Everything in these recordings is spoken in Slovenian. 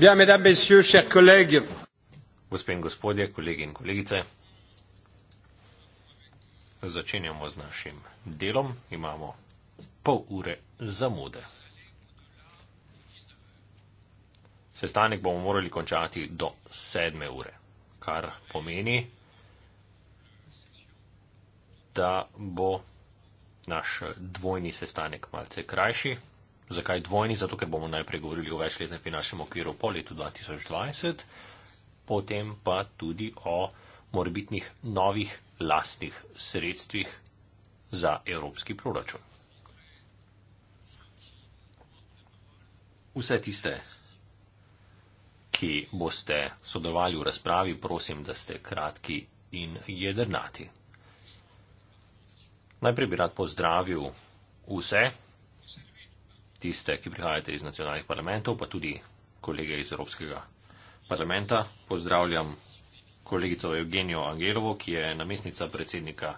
Ja, messieurs, chers collègues. Gospe in gospodje, kolegi in kolegice, začenjamo z našim delom. Imamo pol ure zamude. Sestanek bomo morali končati do sedme ure, kar pomeni, da bo naš dvojni sestanek malce krajši, Zakaj dvojni? Zato, ker bomo najprej govorili o večletnem finančnem okviru po letu 2020, potem pa tudi o morbitnih novih lastnih sredstvih za evropski proračun. Vse tiste, ki boste sodelovali v razpravi, prosim, da ste kratki in jedrnati. Najprej bi rad pozdravil vse, tiste, ki prihajate iz nacionalnih parlamentov, pa tudi kolege iz Evropskega parlamenta. Pozdravljam kolegico Evgenijo Angelovo, ki je namestnica predsednika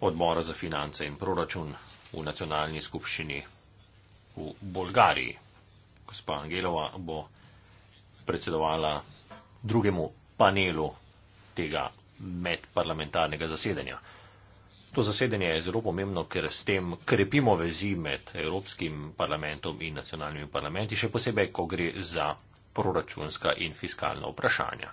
odbora za finance in proračun v nacionalni skupščini v Bolgariji. Gospa Angelova bo predsedovala drugemu panelu tega medparlamentarnega zasedanja. To zasedanje je zelo pomembno, ker s tem krepimo vezi med Evropskim parlamentom in nacionalnimi parlamenti, še posebej, ko gre za proračunska in fiskalna vprašanja.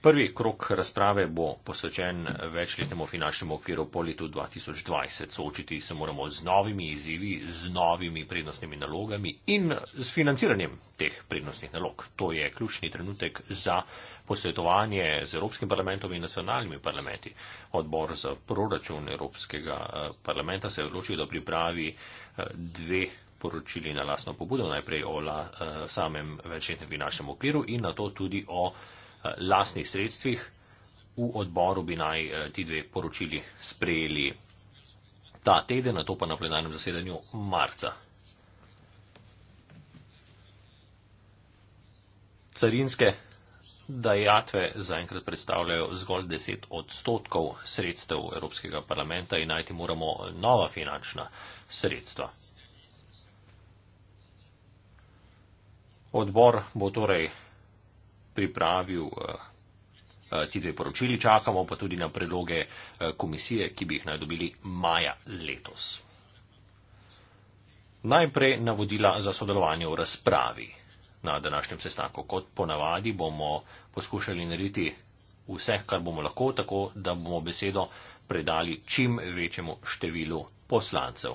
Prvi krok razprave bo posvečen večletnemu finančnemu okviru po letu 2020. Soočiti se moramo z novimi izzivi, z novimi prednostnimi nalogami in s financiranjem teh prednostnih nalog. To je ključni trenutek za posvetovanje z Evropskim parlamentom in nacionalnimi parlamenti. Odbor za proračun Evropskega eh, parlamenta se je odločil, da pripravi eh, dve poročili na lastno pobudo, najprej o la, eh, samem večletnem finančnem okviru in na to tudi o lastnih sredstvih. V odboru bi naj ti dve poročili sprejeli ta teden, na to pa na plenarnem zasedanju marca. Carinske dajatve zaenkrat predstavljajo zgolj 10 odstotkov sredstev Evropskega parlamenta in najti moramo nova finančna sredstva. Odbor bo torej pripravil eh, eh, ti dve poročili, čakamo pa tudi na predloge eh, komisije, ki bi jih naj dobili maja letos. Najprej navodila za sodelovanje v razpravi na današnjem sestanku. Kot ponavadi bomo poskušali narediti vse, kar bomo lahko, tako da bomo besedo predali čim večjemu številu poslancev.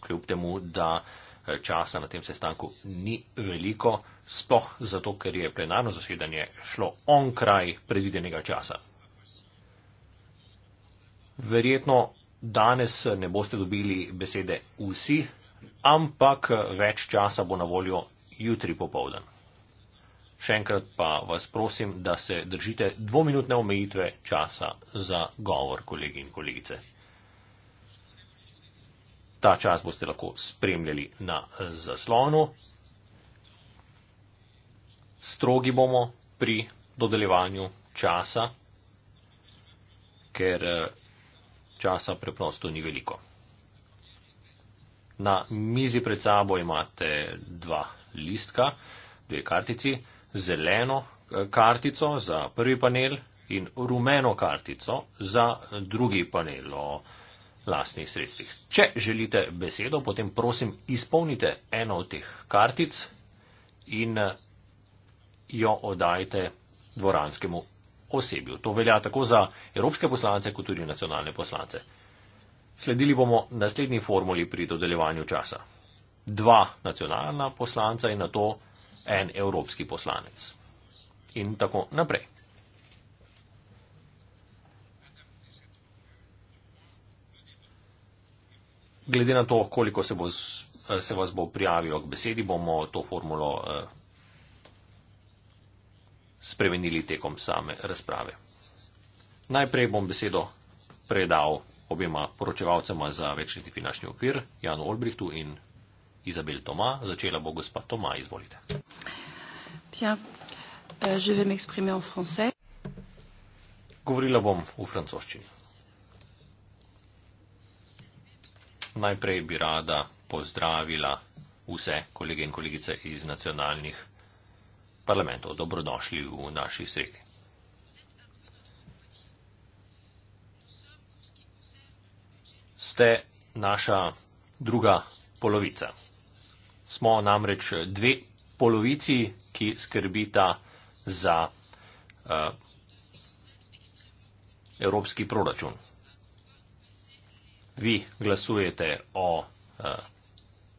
Kljub temu, da eh, časa na tem sestanku ni veliko, sploh zato, ker je plenarno zasedanje šlo onkraj predvidenega časa. Verjetno danes ne boste dobili besede vsi, ampak eh, več časa bo na voljo jutri popovdan. Še enkrat pa vas prosim, da se držite dvominutne omejitve časa za govor, kolegi in kolegice. Ta čas boste lahko spremljali na zaslonu. Strogi bomo pri dodeljevanju časa, ker časa preprosto ni veliko. Na mizi pred sabo imate dva listka, dve kartici, zeleno eh, kartico za prvi panel in rumeno kartico za drugi panel o lastnih sredstvih. Če želite besedo, potem prosim izpolnite eno od teh kartic in eh, jo oddajte dvoranskemu osebju. To velja tako za evropske poslance, kot tudi nacionalne poslance. Sledili bomo naslednji formuli pri dodeljevanju časa dva nacionalna poslanca in na to en evropski poslanec. In tako naprej. Glede na to, koliko se, bo, eh, se vas bo prijavilo k besedi, bomo to formulo eh, spremenili tekom same razprave. Najprej bom besedo predal obima poročevalcema za večni finančni okvir, Janu Olbrihtu in Izabel Toma, začela bo gospa Toma, izvolite. Bien. Eh, je vais m'exprimer en français. Govorila bom v francoščini. Najprej bi rada pozdravila vse kolege in kolegice iz nacionalnih parlamentov. Dobrodošli v naši sredi. Ste naša druga polovica smo namreč dve polovici, ki skrbita za uh, evropski proračun. Vi glasujete o uh,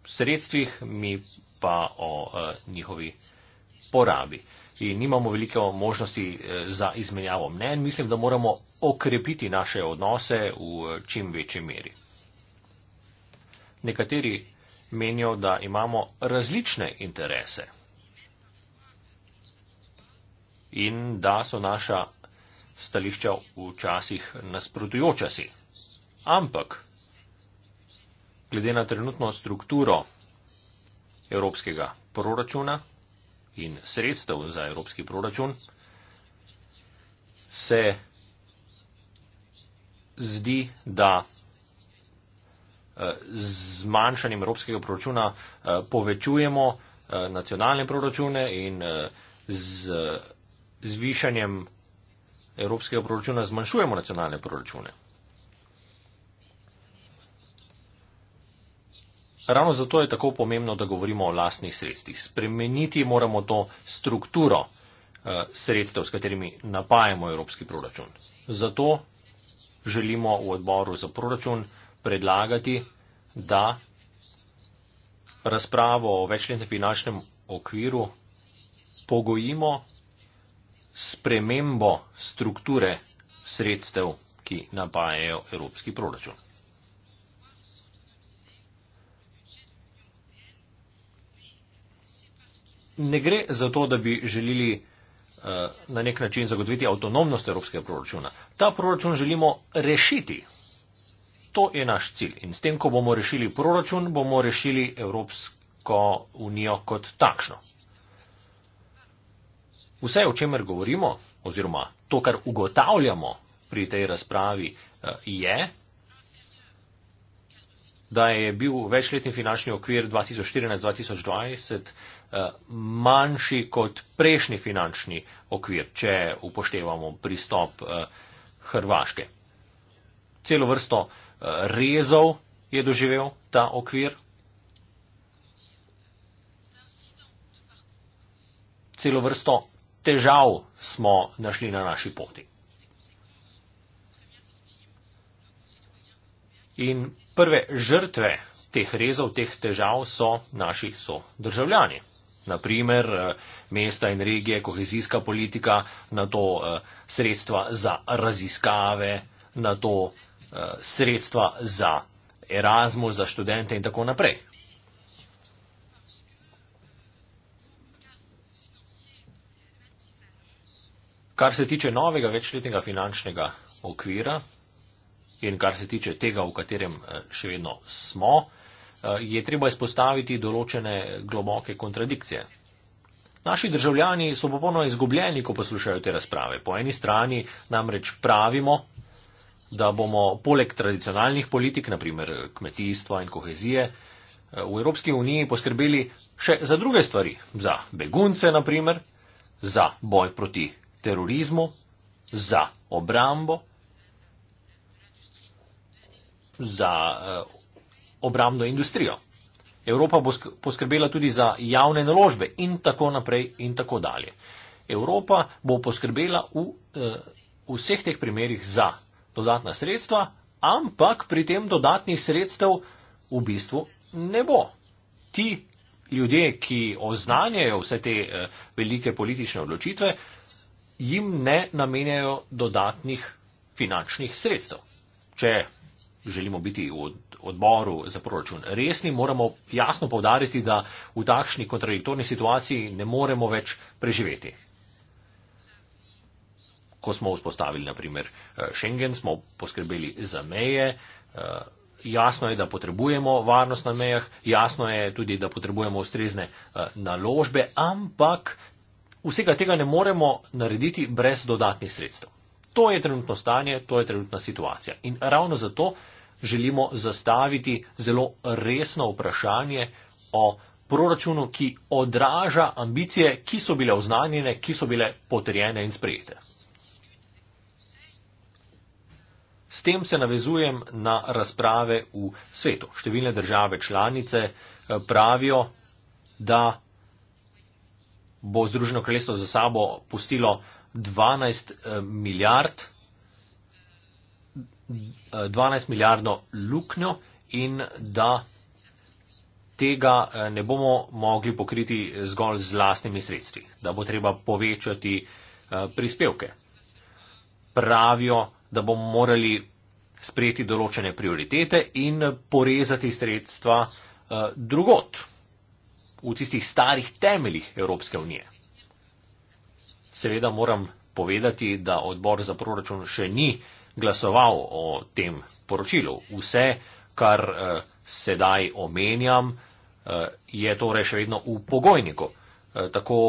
sredstvih, mi pa o uh, njihovi porabi. In nimamo veliko možnosti za izmenjavo mnen. Mislim, da moramo okrepiti naše odnose v čim večji meri. Nekateri menijo, da imamo različne interese in da so naša stališča včasih nasprotujoča si. Ampak, glede na trenutno strukturo evropskega proračuna in sredstev za evropski proračun, se zdi, da Eh, zmanjšanjem evropskega proračuna eh, povečujemo eh, nacionalne proračune in z zvišanjem evropskega proračuna zmanjšujemo nacionalne proračune. Ravno zato je tako pomembno, da govorimo o lastnih sredstvih. Spremeniti moramo to strukturo sredstev, s katerimi napajamo evropski proračun. Zato želimo v odboru za proračun predlagati, da razpravo o večletnem finančnem okviru pogojimo spremembo strukture sredstev, ki napajajo evropski proračun. Ne gre za to, da bi želeli eh, na nek način zagotoviti avtonomnost evropskega proračuna. Ta proračun želimo rešiti. To je naš cilj. In s tem, ko bomo rešili proračun, bomo rešili Evropsko unijo kot takšno. Vse, o čemer govorimo, oziroma to, kar ugotavljamo pri tej razpravi, eh, je, da je bil večletni finančni okvir 2014-2020 eh, manjši kot prejšnji finančni okvir, če upoštevamo pristop eh, Hrvaške. Celo vrsto rezov je doživel ta okvir. Celo vrsto težav smo našli na naši poti. In prve žrtve teh rezov, teh težav so naši so državljani. Naprimer, eh, mesta in regije, kohezijska politika, na to eh, sredstva za raziskave, na to Eh, sredstva za Erasmus, za študente in tako naprej. Kar se tiče novega večletnega finančnega okvira in kar se tiče tega, v katerem eh, še vedno smo, eh, je treba izpostaviti določene globoke kontradikcije. Naši državljani so popolnoma izgubljeni, ko poslušajo te razprave. Po eni strani namreč pravimo, da bomo poleg tradicionalnih politik, naprimer kmetijstva in kohezije, eh, v Evropski uniji poskrbeli še za druge stvari, za begunce, naprimer, za boj proti terorizmu, za obrambo, za eh, obrambno industrijo. Evropa bo poskrbela tudi za javne naložbe in tako naprej in tako dalje. Evropa bo poskrbela v, eh, v vseh teh primerjih za dodatna sredstva, ampak pri tem dodatnih sredstev v bistvu ne bo. Ti ljudje, ki oznanjajo vse te eh, velike politične odločitve, jim ne namenjajo dodatnih finančnih sredstev. Če želimo biti v odboru za proračun resni, moramo jasno povdariti, da v takšni kontradiktorni situaciji ne moremo več preživeti ko smo vzpostavili, naprimer, eh, Schengen, smo poskrbeli za meje. Eh, jasno je, da potrebujemo varnost na mejah, jasno je tudi, da potrebujemo ustrezne eh, naložbe, ampak vsega tega ne moremo narediti brez dodatnih sredstev. To je trenutno stanje, to je trenutna situacija. In ravno zato želimo zastaviti zelo resno vprašanje o proračunu, ki odraža ambicije, ki so bile oznanjene, ki so bile potrjene in sprejete. S tem se navezujem na razprave v svetu. Številne države članice eh, pravijo, da bo Združeno kraljestvo za sabo pustilo 12 eh, milijard, 12 eh, milijardno luknjo in da tega ne bomo mogli pokriti zgolj z lastnimi sredstvi, da bo treba povečati prispevke. Pravijo, da bomo morali sprejeti določene prioritete in porezati sredstva uh, drugot, v tistih starih temeljih Evropske unije. Seveda moram povedati, da odbor za proračun še ni glasoval o tem poročilu. Vse, kar uh, sedaj omenjam, uh, je torej še vedno v pogojniku. Uh, tako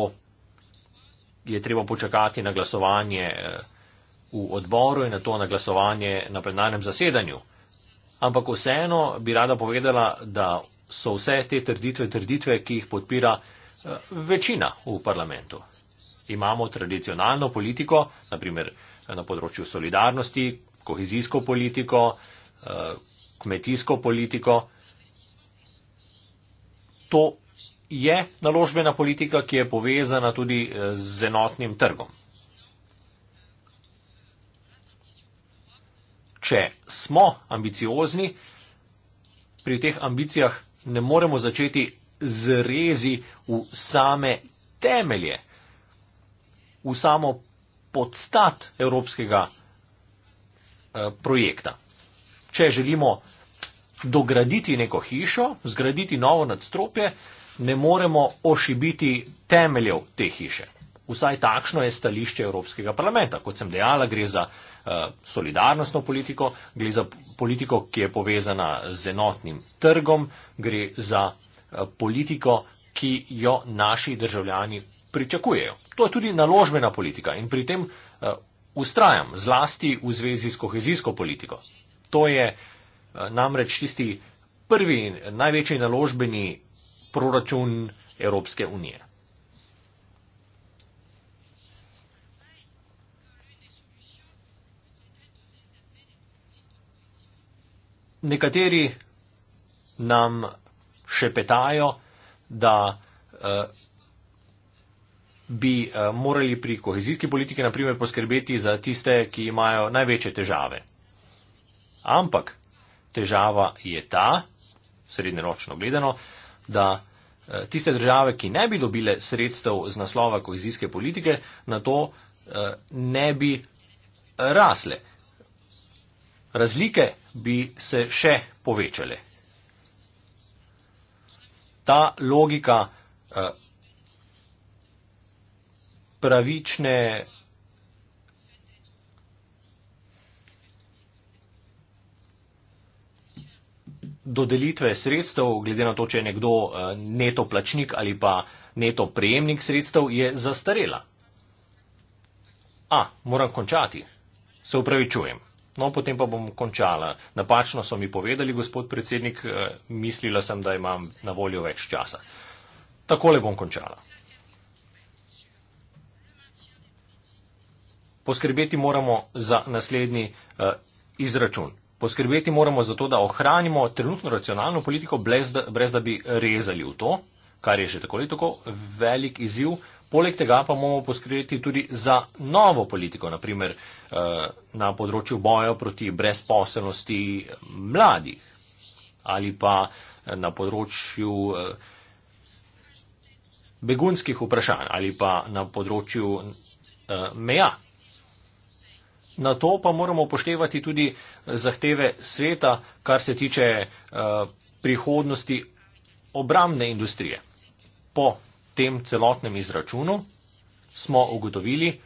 je treba počakati na glasovanje. Uh, v odboru in na to na glasovanje na plenarnem zasedanju. Ampak vseeno bi rada povedala, da so vse te trditve trditve, ki jih podpira eh, večina v parlamentu. Imamo tradicionalno politiko, naprimer eh, na področju solidarnosti, kohezijsko politiko, eh, kmetijsko politiko. To je naložbena politika, ki je povezana tudi z enotnim trgom. če smo ambiciozni, pri teh ambicijah ne moremo začeti z rezi v same temelje, v samo podstat evropskega eh, projekta. Če želimo dograditi neko hišo, zgraditi novo nadstropje, ne moremo ošibiti temeljev te hiše. Vsaj takšno je stališče Evropskega parlamenta. Kot sem dejala, gre za eh, solidarnostno politiko, gre za politiko, ki je povezana z enotnim trgom, gre za eh, politiko, ki jo naši državljani pričakujejo. To je tudi naložbena politika in pri tem ustrajam, eh, zlasti v zvezi s kohezijsko politiko. To je namreč tisti prvi in največji naložbeni proračun Evropske unije. nekateri nam še petajo, da eh, bi eh, morali pri kohezijski politiki naprimer poskrbeti za tiste, ki imajo največje težave. Ampak težava je ta, srednjeročno gledano, da eh, tiste države, ki ne bi dobile sredstev z naslova kohezijske politike, na to ne bi rasle razlike bi se še povečale. Ta logika eh, pravične dodelitve sredstev, glede na to, če je nekdo eh, neto plačnik ali pa neto prejemnik sredstev, je zastarela. A, moram končati. Se upravičujem. No, potem pa bom končala. Napačno so mi povedali, gospod predsednik, eh, mislila sem, da imam na voljo več časa. Takole bom končala. Poskrbeti moramo za naslednji uh, izračun. Poskrbeti moramo za to, da ohranimo trenutno racionalno politiko, brez da, brez da bi rezali v to, kar je že tako ali tako velik izziv, Poleg tega pa moramo poskrbeti tudi za novo politiko, naprimer eh, na področju boja proti brezposelnosti mladih ali pa eh, na področju eh, begunskih vprašanj ali pa na področju meja. Na to pa moramo upoštevati tudi zahteve sveta, kar se tiče prihodnosti obramne industrije. Po tem celotnem izračunu smo ugotovili,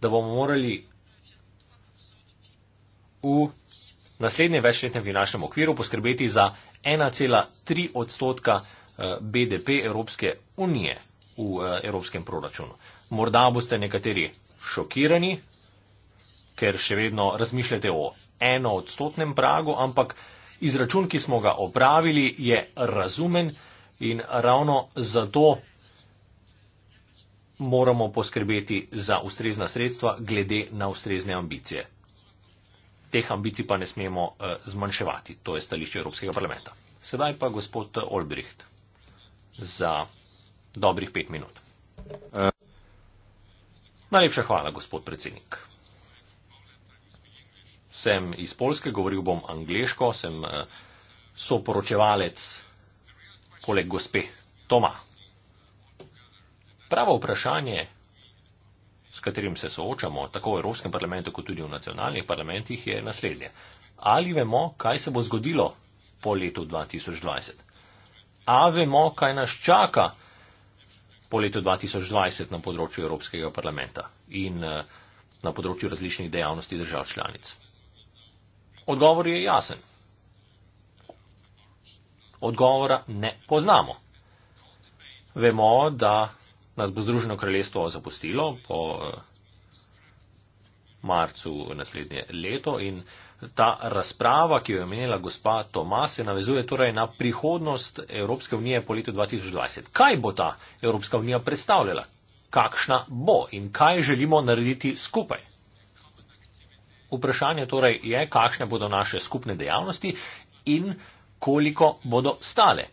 da bomo morali v naslednjem večletnem finančnem okviru poskrbeti za 1,3 odstotka eh, BDP Evropske unije v eh, evropskem proračunu. Morda boste nekateri šokirani, ker še vedno razmišljate o eno odstotnem pragu, ampak izračun, ki smo ga opravili, je razumen in ravno zato moramo poskrbeti za ustrezna sredstva glede na ustrezne ambicije. Teh ambicij pa ne smemo uh, zmanjševati. To je stališče Evropskega parlamenta. Sedaj pa gospod Olbricht za dobrih pet minut. Najlepša hvala, gospod predsednik. Sem iz Polske, govoril bom angliško, sem uh, soporočevalec poleg gospe Toma. Pravo vprašanje, s katerim se soočamo tako v Evropskem parlamentu, kot tudi v nacionalnih parlamentih, je naslednje. Ali vemo, kaj se bo zgodilo po letu 2020? A vemo, kaj nas čaka po letu 2020 na področju Evropskega parlamenta in eh, na področju različnih dejavnosti držav članic? Odgovor je jasen. Odgovora ne poznamo. Vemo, da nas bo Združeno kraljestvo zapustilo po eh, marcu naslednje leto in ta razprava, ki jo je omenila gospa Tomas, se navezuje torej na prihodnost Evropske unije po letu 2020. Kaj bo ta Evropska unija predstavljala? Kakšna bo in kaj želimo narediti skupaj? Vprašanje torej je, kakšne bodo naše skupne dejavnosti in koliko bodo stale.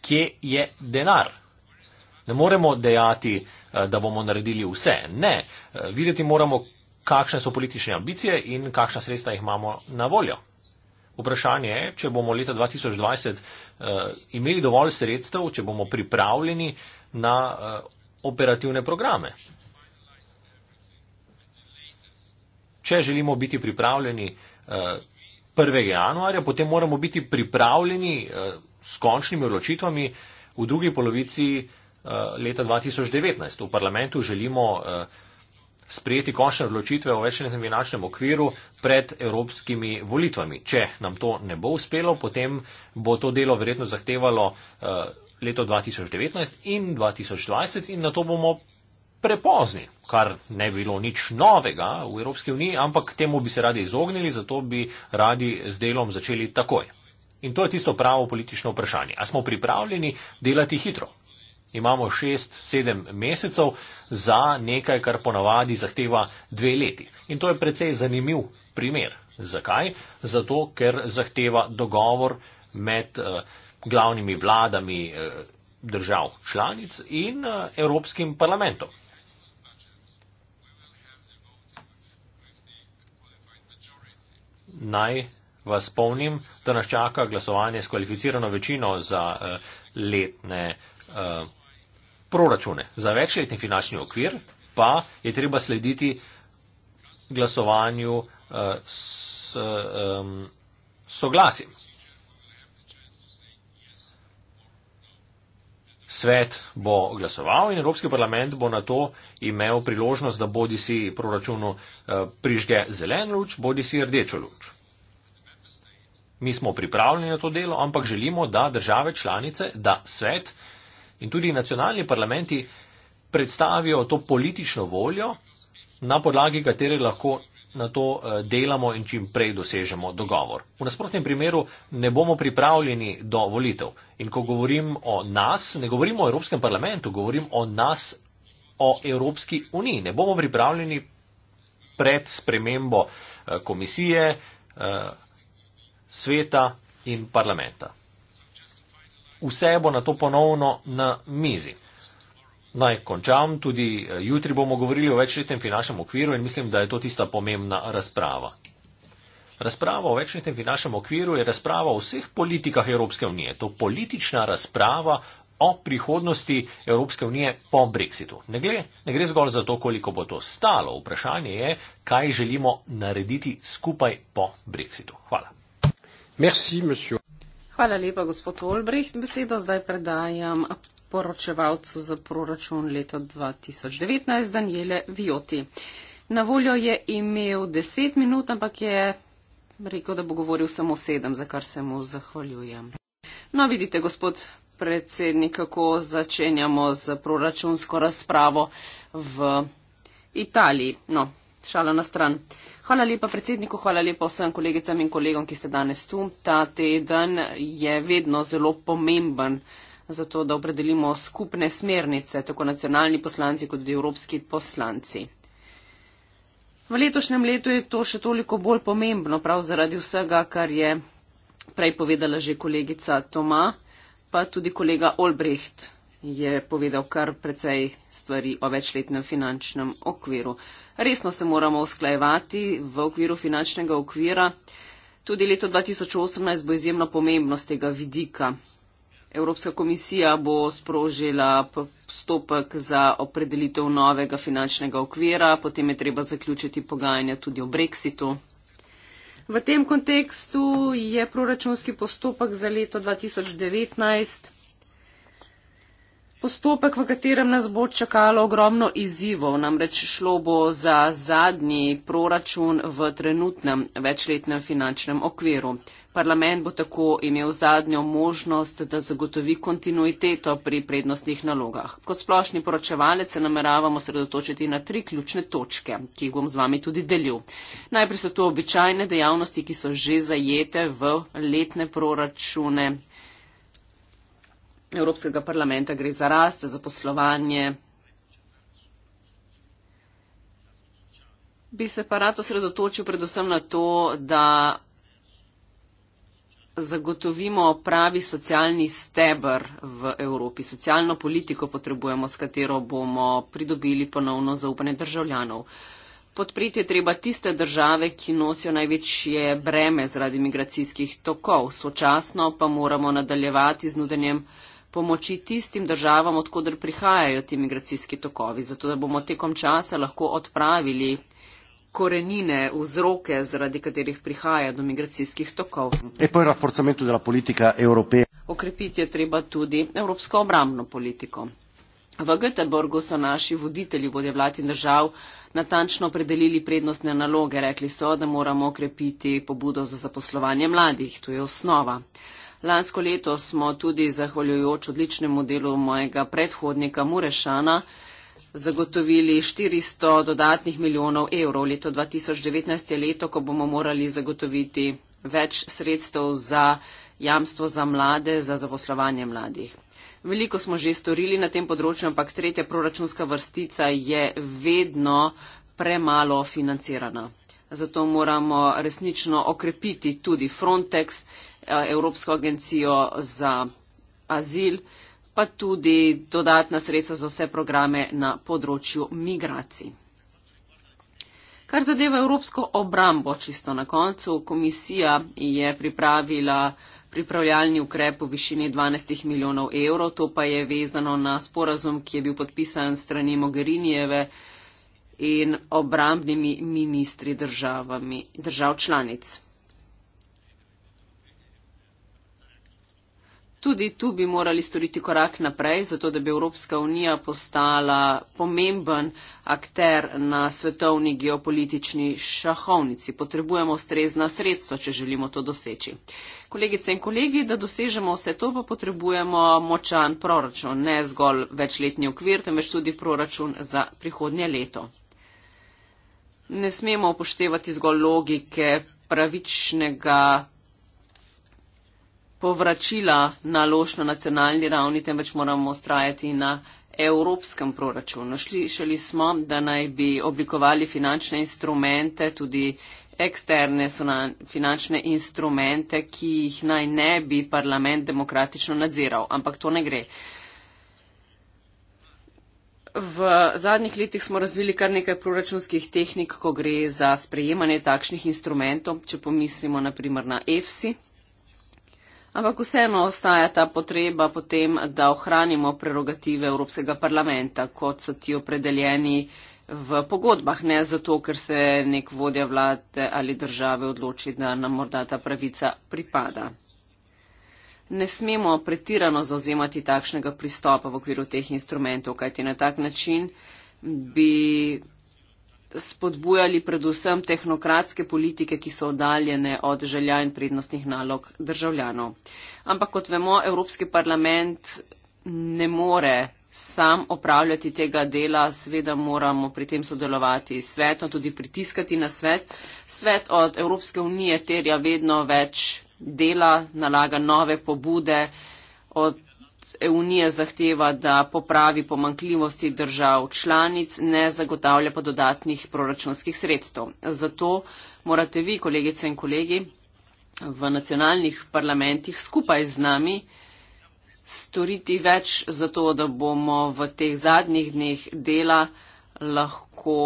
Kje je denar? Ne moremo dejati, eh, da bomo naredili vse. Ne, eh, videti moramo, kakšne so politične ambicije in kakšna sredstva jih imamo na voljo. Vprašanje je, če bomo leta 2020 eh, imeli dovolj sredstev, če bomo pripravljeni na operativne programe. Če želimo biti pripravljeni 1. januarja, potem moramo biti pripravljeni s končnimi odločitvami v drugi polovici Eh, leta 2019. V parlamentu želimo eh, sprejeti končne odločitve o večletnem finančnem okviru pred evropskimi volitvami. Če nam to ne bo uspelo, potem bo to delo verjetno zahtevalo eh, leto 2019 in 2020 in na to bomo prepozni, kar ne bi bilo nič novega v Evropski uniji, ampak temu bi se radi izognili, zato bi radi z delom začeli takoj. In to je tisto pravo politično vprašanje. A smo pripravljeni delati hitro? imamo šest, sedem mesecev za nekaj, kar ponavadi zahteva dve leti. In to je precej zanimiv primer. Zakaj? Zato, ker zahteva dogovor med eh, glavnimi vladami eh, držav članic in eh, Evropskim parlamentom. Naj vas spomnim, da nas čaka glasovanje s kvalificirano večino za letne proračune. Za večletni finančni okvir pa je treba slediti glasovanju uh, s um, soglasjem. Svet bo glasoval in Evropski parlament bo na to imel priložnost, da bodi si proračunu eh, prižge zelen luč, bodi si rdečo luč. Mi smo pripravljeni na to delo, ampak želimo, da države članice, da svet uh, In tudi nacionalni parlamenti predstavijo to politično voljo, na podlagi katere lahko na to eh, delamo in čim prej dosežemo dogovor. V nasprotnem primeru ne bomo pripravljeni do volitev. In ko govorim o nas, ne govorim o Evropskem parlamentu, govorim o nas, o Evropski uniji. Ne bomo pripravljeni pred spremembo eh, komisije, eh, sveta in parlamenta vse bo na to ponovno na mizi. Naj končam, tudi eh, jutri bomo govorili o večletnem finančnem okviru in mislim, da je to tista pomembna razprava. Razprava o večletnem finančnem okviru je razprava o vseh politikah Evropske unije. To je politična razprava o prihodnosti Evropske unije po Brexitu. Ne gre, ne gre zgolj za to, koliko bo to stalo. Vprašanje je, kaj želimo narediti skupaj po Brexitu. Hvala. Merci, Hvala lepa, gospod Olbricht. Besedo zdaj predajam poročevalcu za proračun leto 2019, Daniele Vioti. Na voljo je imel 10 minut, ampak je rekel, da bo govoril samo 7, za kar se mu zahvaljujem. No, vidite, gospod predsednik, kako začenjamo z proračunsko razpravo v Italiji. No, šala na stran. Hvala lepa predsedniku, hvala lepa vsem kolegicam in kolegom, ki ste danes tu. Ta teden je vedno zelo pomemben za to, da opredelimo skupne smernice, tako nacionalni poslanci kot tudi evropski poslanci. V letošnjem letu je to še toliko bolj pomembno, prav zaradi vsega, kar je prej povedala že kolegica Toma, pa tudi kolega Olbreht je povedal kar precej stvari o večletnem finančnem okviru. Resno se moramo usklajevati v okviru finančnega okvira. Tudi leto 2018 bo izjemno pomembno z tega vidika. Evropska komisija bo sprožila postopek za opredelitev novega finančnega okvira, potem je treba zaključiti pogajanja tudi o Brexitu. V tem kontekstu je proračunski postopek za leto 2019 Postopek, v katerem nas bo čakalo ogromno izzivov, namreč šlo bo za zadnji proračun v trenutnem večletnem finančnem okviru. Parlament bo tako imel zadnjo možnost, da zagotovi kontinuiteto pri prednostnih nalogah. Kot splošni poročevalec se nameravamo sredotočiti na tri ključne točke, ki jih bom z vami tudi delil. Najprej so to običajne dejavnosti, ki so že zajete v letne proračune Evropskega parlamenta, gre za rast, za poslovanje. Bi se pa rad osredotočil predvsem na to, da zagotovimo pravi socialni stebr v Evropi. Socialno politiko potrebujemo, s katero bomo pridobili ponovno zaupanje državljanov. Podpreti je treba tiste države, ki nosijo največje breme zaradi migracijskih tokov. Sočasno pa moramo nadaljevati z nudenjem pomoči tistim državam, odkudr prihajajo ti migracijski tokovi, zato da bomo tekom časa lahko odpravili korenine, vzroke, zaradi katerih prihaja do migracijskih tokov. E okrepiti je treba tudi evropsko obramno politiko. V Göteborgu so naši voditelji vodje vladi držav natančno opredelili prednostne naloge. Rekli so, da moramo okrepiti pobudo za zaposlovanje mladih. To je osnova. Lansko leto smo tudi zahvaljujoč odličnemu delu mojega predhodnika Murešana zagotovili 400 dodatnih milijonov evrov. Leto 2019 je leto, ko bomo morali zagotoviti več sredstev za jamstvo za mlade, za zaposlovanje mladih. Veliko smo že storili na tem področju, ampak tretja proračunska vrstica je vedno premalo financirana. Zato moramo resnično okrepiti tudi Frontex, Eh, evropsko agencijo za azil, pa tudi dodatna sredstva za vse programe na področju migracij. Kar zadeva Evropsko obrambo, čisto na koncu, komisija je pripravila pripravljalni ukrep v višini 12 milijonov evrov, to pa je vezano na sporazum, ki je bil podpisan strani Mogherinijeve in obrambnimi ministri državami, držav članic. Tudi tu bi morali storiti korak naprej, zato da bi Evropska unija postala pomemben akter na svetovni geopolitični šahovnici. Potrebujemo ustrezna sredstva, če želimo to doseči. Kolegice in kolegi, da dosežemo vse to, pa potrebujemo močan proračun, ne zgolj večletni okvir, temveč tudi proračun za prihodnje leto. Ne smemo upoštevati zgolj logike pravičnega povračila na lošno nacionalni ravni, temveč moramo ustrajati na evropskem proračunu. Šli smo, da naj bi oblikovali finančne instrumente, tudi eksterne so na finančne instrumente, ki jih naj ne bi parlament demokratično nadziral, ampak to ne gre. V zadnjih letih smo razvili kar nekaj proračunskih tehnik, ko gre za sprejemanje takšnih instrumentov, če pomislimo naprimer na EFSI, Ampak vseeno ostaja ta potreba potem, da ohranimo prerogative Evropskega parlamenta, kot so ti opredeljeni v pogodbah, ne zato, ker se nek vodja vlade ali države odloči, da nam morda ta pravica pripada. Ne smemo pretirano zauzemati takšnega pristopa v okviru teh instrumentov, kajti na tak način bi spodbujali predvsem tehnokratske politike, ki so oddaljene od želja in prednostnih nalog državljanov. Ampak kot vemo, Evropski parlament ne more sam opravljati tega dela, seveda moramo pri tem sodelovati s svetom, tudi pritiskati na svet. Svet od Evropske unije terja vedno več dela, nalaga nove pobude, od Unija zahteva, da popravi pomankljivosti držav članic, ne zagotavlja pa dodatnih proračunskih sredstev. Zato morate vi, kolegice in kolegi, v nacionalnih parlamentih skupaj z nami storiti več za to, da bomo v teh zadnjih dneh dela lahko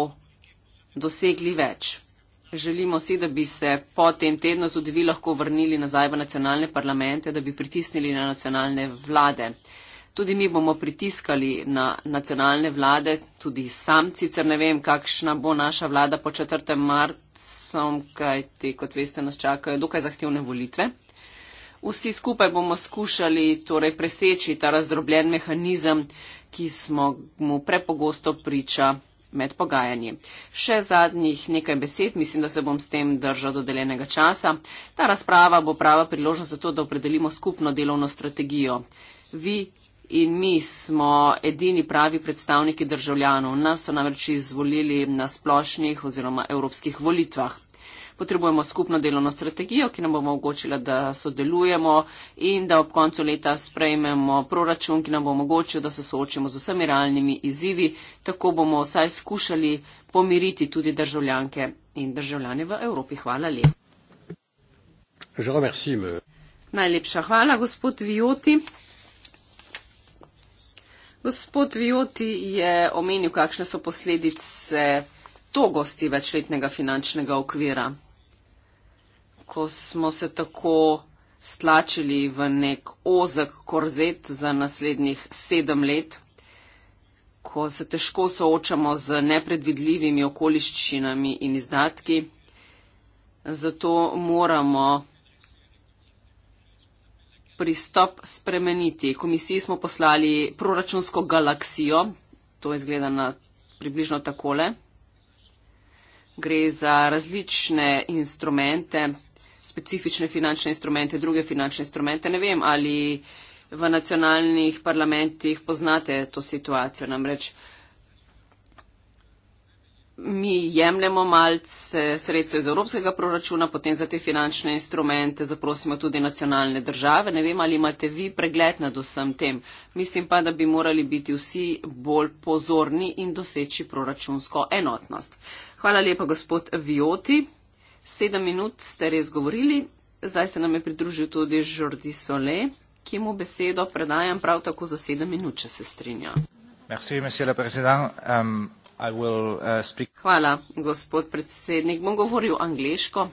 dosegli več. Želimo si, da bi se po tem tednu tudi vi lahko vrnili nazaj v nacionalne parlamente, da bi pritisnili na nacionalne vlade. Tudi mi bomo pritiskali na nacionalne vlade, tudi sam, sicer ne vem, kakšna bo naša vlada po 4. marcu, kaj te, kot veste, nas čakajo dokaj zahtevne volitve. Vsi skupaj bomo skušali torej, preseči ta razdrobljen mehanizem, ki smo mu prepogosto priča med pogajanji. Še zadnjih nekaj besed, mislim, da se bom s tem držal do deljenega časa. Ta razprava bo prava priložnost za to, da opredelimo skupno delovno strategijo. Vi in mi smo edini pravi predstavniki državljanov. Nas so namreč izvolili na splošnih oziroma evropskih volitvah potrebujemo skupno delovno strategijo, ki nam bo omogočila, da sodelujemo in da ob koncu leta sprejmemo proračun, ki nam bo omogočil, da se soočimo z vsemi realnimi izzivi. Tako bomo vsaj skušali pomiriti tudi državljanke in državljane v Evropi. Hvala lepa. Najlepša hvala, gospod Vijoti. Gospod Vijoti je omenil, kakšne so posledice togosti večletnega finančnega okvira ko smo se tako stlačili v nek ozek korzet za naslednjih sedem let, ko se težko soočamo z nepredvidljivimi okoliščinami in izdatki. Zato moramo pristop spremeniti. Komisiji smo poslali proračunsko galaksijo, to je zgleda na približno takole. Gre za različne instrumente, specifične finančne instrumente, druge finančne instrumente. Ne vem, ali v nacionalnih parlamentih poznate to situacijo. Namreč mi jemljemo malce sredstev iz evropskega proračuna, potem za te finančne instrumente zaprosimo tudi nacionalne države. Ne vem, ali imate vi pregled nad vsem tem. Mislim pa, da bi morali biti vsi bolj pozorni in doseči proračunsko enotnost. Hvala lepa, gospod Vioti. Sedem minut ste res govorili, zdaj se nam je pridružil tudi Žordi Sole, ki mu besedo predajam prav tako za sedem minut, če se strinja. Um, uh, Hvala, gospod predsednik. Bom govoril angliško.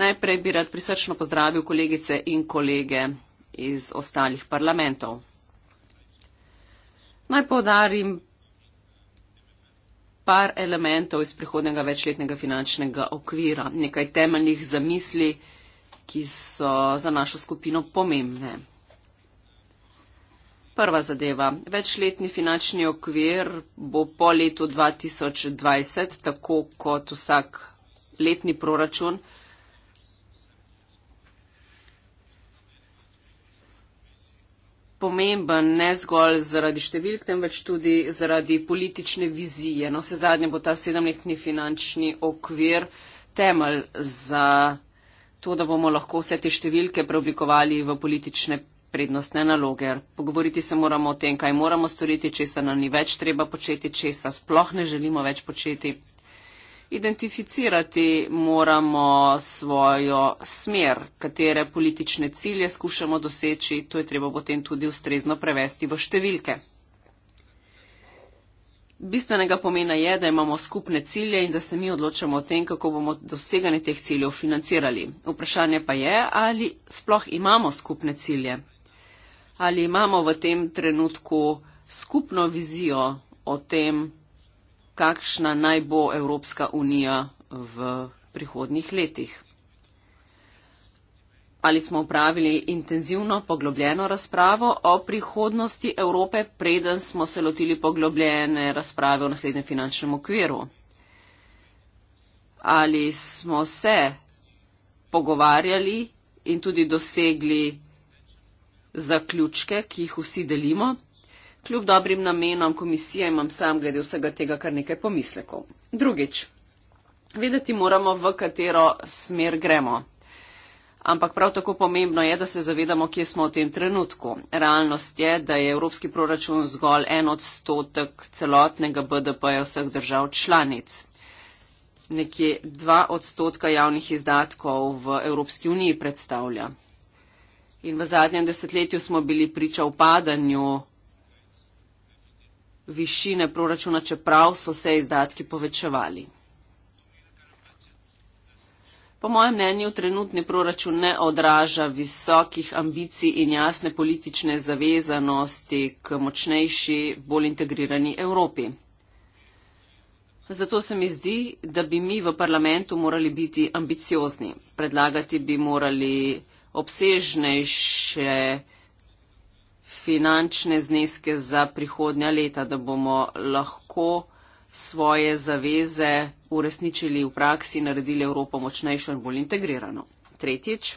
Najprej bi rad prisrčno pozdravil kolegice in kolege iz ostalih parlamentov. Naj podarim par elementov iz prihodnega večletnega finančnega okvira, nekaj temeljnih zamisli, ki so za našo skupino pomembne. Prva zadeva. Večletni finančni okvir bo po letu 2020, tako kot vsak letni proračun, pomemben ne zgolj zaradi številk, temveč tudi zaradi politične vizije. No, vse zadnje bo ta sedemletni finančni okvir temelj za to, da bomo lahko vse te številke preoblikovali v politične prednostne naloge. Pogovoriti se moramo o tem, kaj moramo storiti, česa nam ni več treba početi, česa sploh ne želimo več početi identificirati moramo svojo smer, katere politične cilje skušamo doseči, to je treba potem tudi ustrezno prevesti v številke. Bistvenega pomena je, da imamo skupne cilje in da se mi odločamo o tem, kako bomo doseganje teh ciljev financirali. Vprašanje pa je, ali sploh imamo skupne cilje. Ali imamo v tem trenutku skupno vizijo o tem, kakšna naj bo Evropska unija v prihodnjih letih. Ali smo upravili intenzivno poglobljeno razpravo o prihodnosti Evrope, preden smo se lotili poglobljene razprave o naslednjem finančnem okviru? Ali smo se pogovarjali in tudi dosegli zaključke, ki jih vsi delimo? Kljub dobrim namenom komisije imam sam glede vsega tega kar nekaj pomislekov. Drugič, vedeti moramo, v katero smer gremo. Ampak prav tako pomembno je, da se zavedamo, kje smo v tem trenutku. Realnost je, da je evropski proračun zgolj en odstotek celotnega BDP-ja vseh držav članic. Nekje dva odstotka javnih izdatkov v Evropski uniji predstavlja. In v zadnjem desetletju smo bili priča upadanju višine proračuna, čeprav so se izdatki povečevali. Po mojem mnenju trenutni proračun ne odraža visokih ambicij in jasne politične zavezanosti k močnejši, bolj integrirani Evropi. Zato se mi zdi, da bi mi v parlamentu morali biti ambiciozni. Predlagati bi morali obsežnejše finančne zneske za prihodnja leta, da bomo lahko svoje zaveze uresničili v praksi in naredili Evropo močnejšo in bolj integrirano. Tretjič.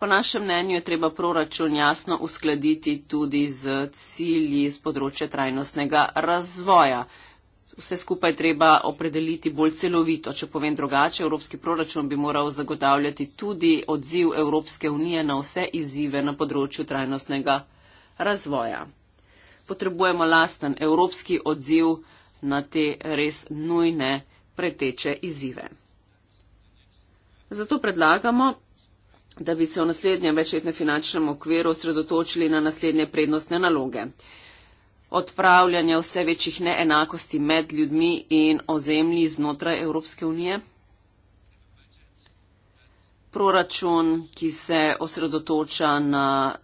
Po našem mnenju je treba proračun jasno uskladiti tudi z cilji z področja trajnostnega razvoja vse skupaj treba opredeliti bolj celovito. Če povem drugače, evropski proračun bi moral zagotavljati tudi odziv Evropske unije na vse izzive na področju trajnostnega razvoja. Potrebujemo lasten evropski odziv na te res nujne preteče izzive. Zato predlagamo, da bi se v naslednjem večletnem finančnem okviru osredotočili na naslednje prednostne naloge odpravljanja vse večjih neenakosti med ljudmi in ozemlji znotraj Evropske unije? Proračun, ki se osredotoča na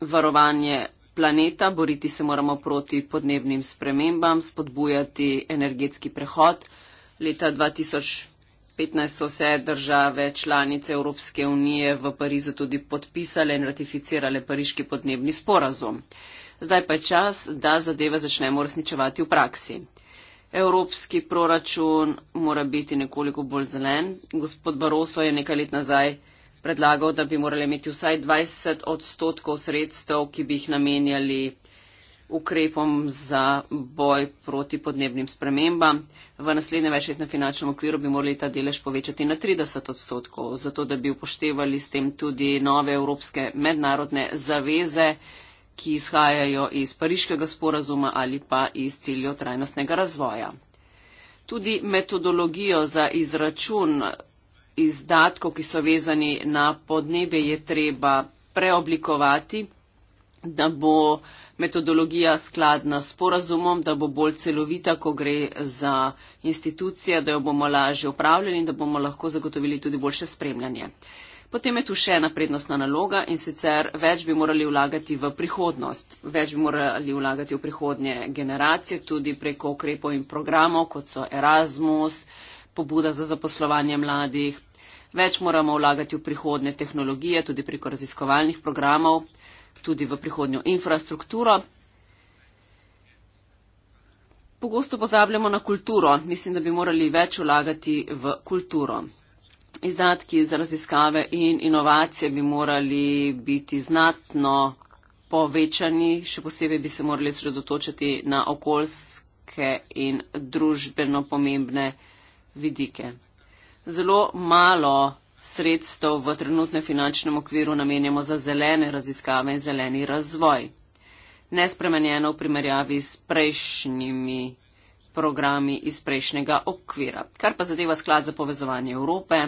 varovanje planeta, boriti se moramo proti podnebnim spremembam, spodbujati energetski prehod. Leta 2015 so vse države članice Evropske unije v Parizu tudi podpisale in ratificirale Pariški podnebni sporazum zdaj pa je čas, da zadeve začnemo resničevati v praksi. Evropski proračun mora biti nekoliko bolj zelen. Gospod Baroso je nekaj let nazaj predlagal, da bi morali imeti vsaj 20 odstotkov sredstev, ki bi jih namenjali ukrepom za boj proti podnebnim spremembam. V naslednjem večletnem finančnem okviru bi morali ta delež povečati na 30 odstotkov, zato da bi upoštevali s tem tudi nove evropske mednarodne zaveze, ki izhajajo iz pariškega sporazuma ali pa iz ciljev trajnostnega razvoja. Tudi metodologijo za izračun izdatkov, ki so vezani na podnebje, je treba preoblikovati, da bo metodologija skladna s sporazumom, da bo bolj celovita, ko gre za institucije, da jo bomo lažje upravljali in da bomo lahko zagotovili tudi boljše spremljanje. Potem je tu še ena prednostna naloga in sicer več bi morali vlagati v prihodnost, več bi morali vlagati v prihodnje generacije, tudi preko ukrepov in programov, kot so Erasmus, pobuda za zaposlovanje mladih, več moramo vlagati v prihodne tehnologije, tudi preko raziskovalnih programov, tudi v prihodnjo infrastrukturo. Pogosto pozabljamo na kulturo. Mislim, da bi morali več vlagati v kulturo izdatki za raziskave in inovacije bi morali biti znatno povečani, še posebej bi se morali sredotočiti na okoljske in družbeno pomembne vidike. Zelo malo sredstev v trenutnem finančnem okviru namenjamo za zelene raziskave in zeleni razvoj. Nespremenjeno v primerjavi s prejšnjimi programi iz prejšnjega okvira. Kar pa zadeva sklad za povezovanje Evrope,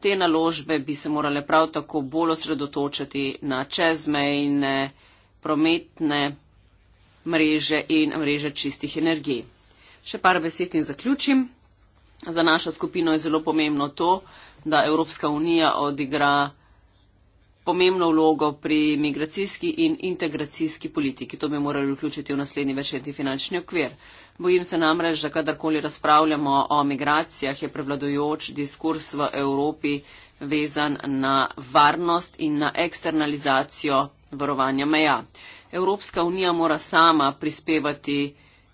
te naložbe bi se morale prav tako bolj osredotočiti na čezmejne prometne mreže in mreže čistih energij. Še par besed in zaključim. Za našo skupino je zelo pomembno to, da Evropska unija odigra pomembno vlogo pri migracijski in integracijski politiki. To bi morali vključiti v naslednji večletni finančni okvir. Bojim se namreč, da kadarkoli razpravljamo o migracijah, je prevladojoč diskurs v Evropi vezan na varnost in na eksternalizacijo varovanja meja. Evropska unija mora sama prispevati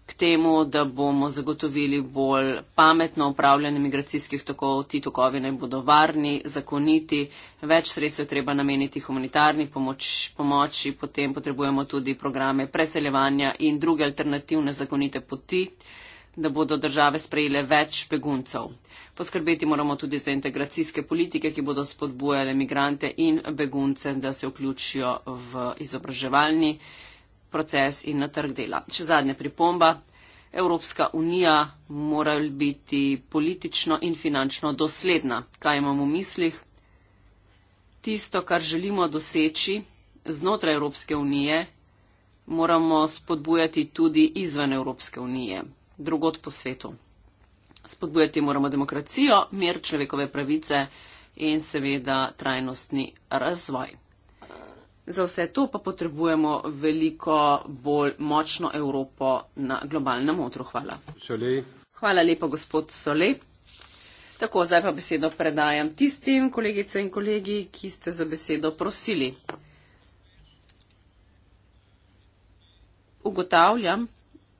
k temu, da bomo zagotovili bolj pametno upravljanje migracijskih tokov, ti tokovi naj bodo varni, zakoniti, več sredstev je treba nameniti humanitarni pomoč, pomoči, potem potrebujemo tudi programe preseljevanja in druge alternativne zakonite poti da bodo države sprejele več beguncev. Poskrbeti moramo tudi za integracijske politike, ki bodo spodbujale migrante in begunce, da se vključijo v izobraževalni proces in na trg dela. Še zadnja pripomba. Evropska unija mora biti politično in finančno dosledna. Kaj imamo v mislih? Tisto, kar želimo doseči znotraj Evropske unije, moramo spodbujati tudi izven Evropske unije, drugot po svetu. Spodbujati moramo demokracijo, mir, človekove pravice in seveda trajnostni razvoj. Za vse to pa potrebujemo veliko bolj močno Evropo na globalnem otru. Hvala. Šolej. Hvala lepa, gospod Solej. Tako, zdaj pa besedo predajam tistim kolegice in kolegi, ki ste za besedo prosili. Ugotavljam,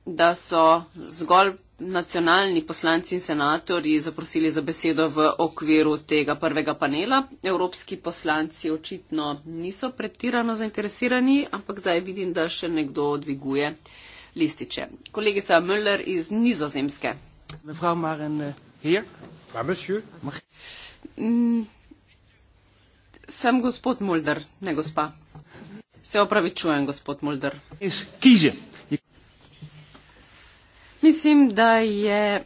da so zgolj nacionalni poslanci in senatorji zaprosili za besedo v okviru tega prvega panela. Evropski poslanci očitno niso pretirano zainteresirani, ampak zdaj vidim, da še nekdo dviguje lističe. Kolegica Müller iz Nizozemske. Eh, ja, mm, sem gospod Mulder, ne gospa. Se opravičujem, gospod Mulder. Izkizem. Mislim, da je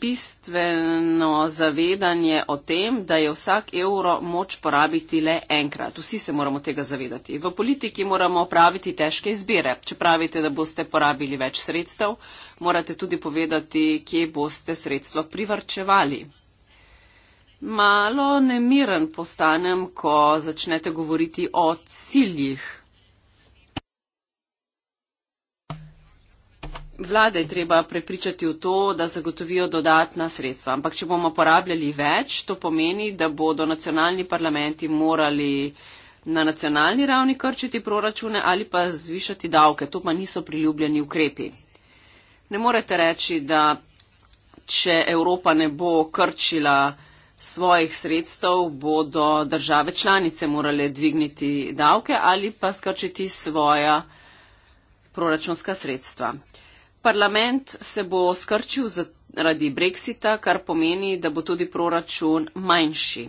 bistveno zavedanje o tem, da je vsak evro moč porabiti le enkrat. Vsi se moramo tega zavedati. V politiki moramo praviti težke izbire. Če pravite, da boste porabili več sredstev, morate tudi povedati, kje boste sredstva privrčevali. Malo nemiren postanem, ko začnete govoriti o ciljih. vlade je treba prepričati v to, da zagotovijo dodatna sredstva. Ampak, če bomo porabljali več, to pomeni, da bodo nacionalni parlamenti morali na nacionalni ravni krčiti proračune ali pa zvišati davke. To pa niso priljubljeni ukrepi. Ne morete reči, da če Evropa ne bo krčila svojih sredstev, bodo države članice morale dvigniti davke ali pa skrčiti svoja proračunska sredstva. Uh, Parlament se bo skrčil zaradi Brexita, kar pomeni, da bo tudi proračun manjši.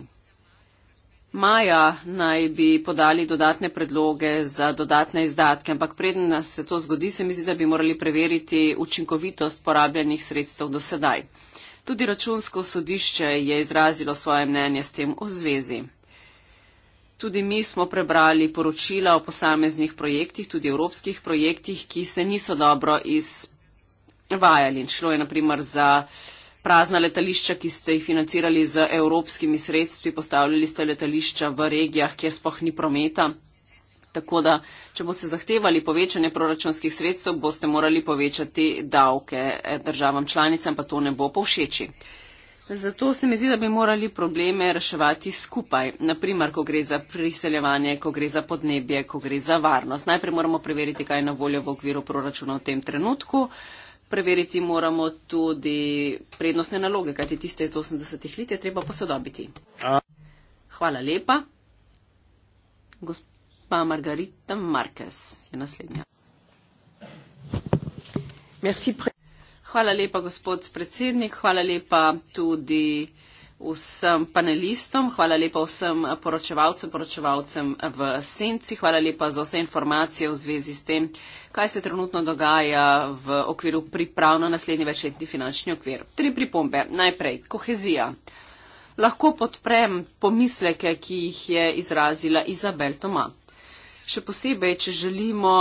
Maja naj bi podali dodatne predloge za dodatne izdatke, ampak preden se to zgodi, se mi zdi, da bi morali preveriti učinkovitost porabljenih sredstev do sedaj. Tudi računsko sodišče je izrazilo svoje mnenje s tem v zvezi. Tudi mi smo prebrali poročila o posameznih projektih, tudi evropskih projektih, ki se niso dobro izpeljali vajali. Šlo je naprimer za prazna letališča, ki ste jih financirali z evropskimi sredstvi, postavljali ste letališča v regijah, kjer spoh ni prometa. Tako da, če boste zahtevali povečanje proračunskih sredstev, boste morali povečati davke eh, državam članicam, pa to ne bo povšeči. Zato se mi zdi, da bi morali probleme reševati skupaj. Naprimer, ko gre za priseljevanje, ko gre za podnebje, ko gre za varnost. Najprej moramo preveriti, kaj je na voljo v okviru proračuna v tem trenutku. Preveriti moramo tudi prednostne naloge, kajti tiste iz 80-ih let je treba posodobiti. Hvala lepa. Gospa Margarita Marquez je naslednja. Hvala lepa, gospod predsednik. Hvala lepa tudi vsem panelistom, hvala lepa vsem poročevalcem, poročevalcem v senci, hvala lepa za vse informacije v zvezi s tem, kaj se trenutno dogaja v okviru priprav na naslednji večletni finančni okvir. Tri pripombe. Najprej, kohezija. Lahko podprem pomisleke, ki jih je izrazila Izabel Toma. Še posebej, če želimo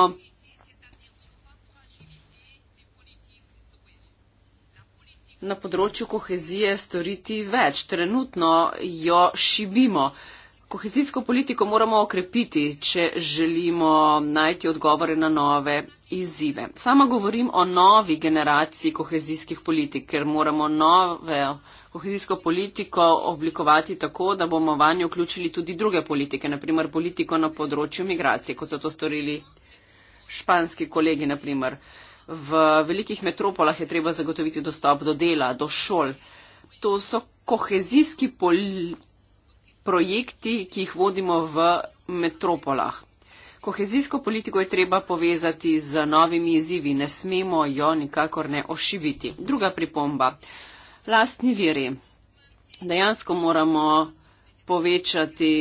na področju kohezije storiti več. Trenutno jo šibimo. Kohezijsko politiko moramo okrepiti, če želimo najti odgovore na nove izzive. Sama govorim o novi generaciji kohezijskih politik, ker moramo nove kohezijsko politiko oblikovati tako, da bomo vanjo vključili tudi druge politike, naprimer politiko na področju migracije, kot so to storili španski kolegi, naprimer. V velikih metropolah je treba zagotoviti dostop do dela, do šol. To so kohezijski projekti, ki jih vodimo v metropolah. Kohezijsko politiko je treba povezati z novimi izzivi, ne smemo jo nikakor ne ošiviti. Druga pripomba. Lastni viri. Dejansko moramo povečati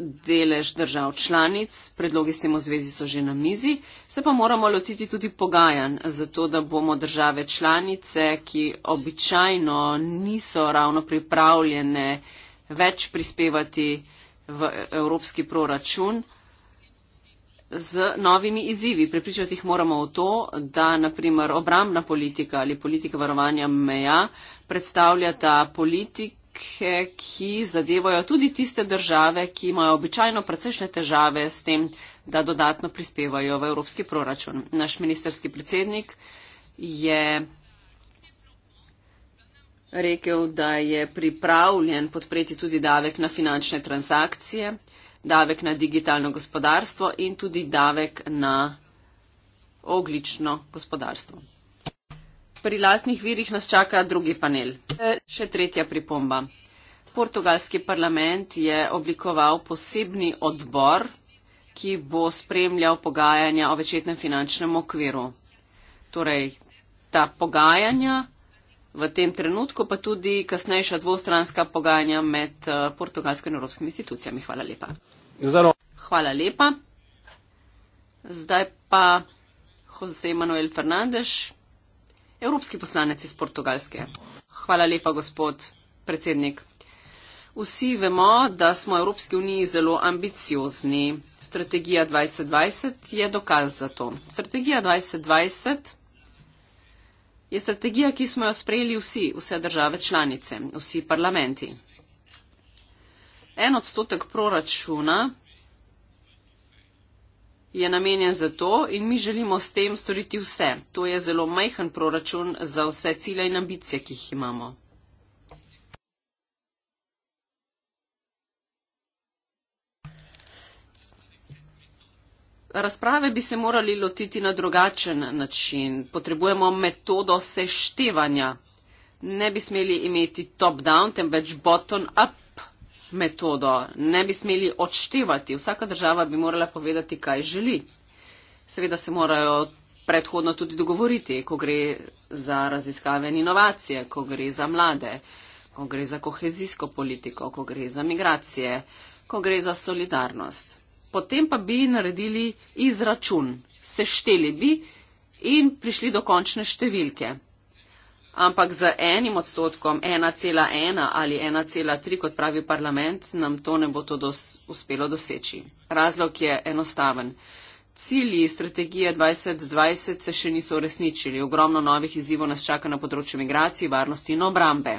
delež držav članic, predlogi s tem v zvezi so že na mizi, se pa moramo lotiti tudi pogajanj, zato da bomo države članice, ki običajno niso ravno pripravljene več prispevati v evropski proračun, z novimi izzivi. Pripričati jih moramo v to, da naprimer obramna politika ali politika varovanja meja predstavljata politik, politike, ki zadevajo tudi tiste države, ki imajo običajno precejšnje težave s tem, da dodatno prispevajo v evropski proračun. Naš ministerski predsednik je rekel, da je pripravljen podpreti tudi davek na finančne transakcije, davek na digitalno gospodarstvo in tudi davek na oglično gospodarstvo pri lastnih virih nas čaka drugi panel. Še tretja pripomba. Portugalski parlament je oblikoval posebni odbor, ki bo spremljal pogajanja o večetnem finančnem okviru. Torej, ta pogajanja v tem trenutku, pa tudi kasnejša dvostranska pogajanja med eh, portugalsko in evropskimi institucijami. Hvala lepa. Zdaj, no. Hvala lepa. Zdaj pa Jose Manuel Fernandez evropski poslanec iz Portugalske. Hvala lepa, gospod predsednik. Vsi vemo, da smo v Evropski uniji zelo ambiciozni. Strategija 2020 je dokaz za to. Strategija 2020 je strategija, ki smo jo sprejeli vsi, vse države članice, vsi parlamenti. En odstotek proračuna je namenjen za to in mi želimo s tem storiti vse. To je zelo majhen proračun za vse cilje in ambicije, ki jih imamo. Razprave bi se morali lotiti na drugačen način. Potrebujemo metodo seštevanja. Ne bi smeli imeti top-down, temveč bottom-up metodo. Ne bi smeli odštevati. Vsaka država bi morala povedati, kaj želi. Seveda se morajo predhodno tudi dogovoriti, ko gre za raziskave in inovacije, ko gre za mlade, ko gre za kohezijsko politiko, ko gre za migracije, ko gre za solidarnost. Potem pa bi naredili izračun, sešteli bi in prišli do končne številke ampak z enim odstotkom 1,1 ali 1,3, kot pravi parlament, nam to ne bo to dos uspelo doseči. Razlog je enostaven. Cilji strategije 2020 se še niso uresničili. Ogromno novih izzivov nas čaka na področju migracij, varnosti in obrambe.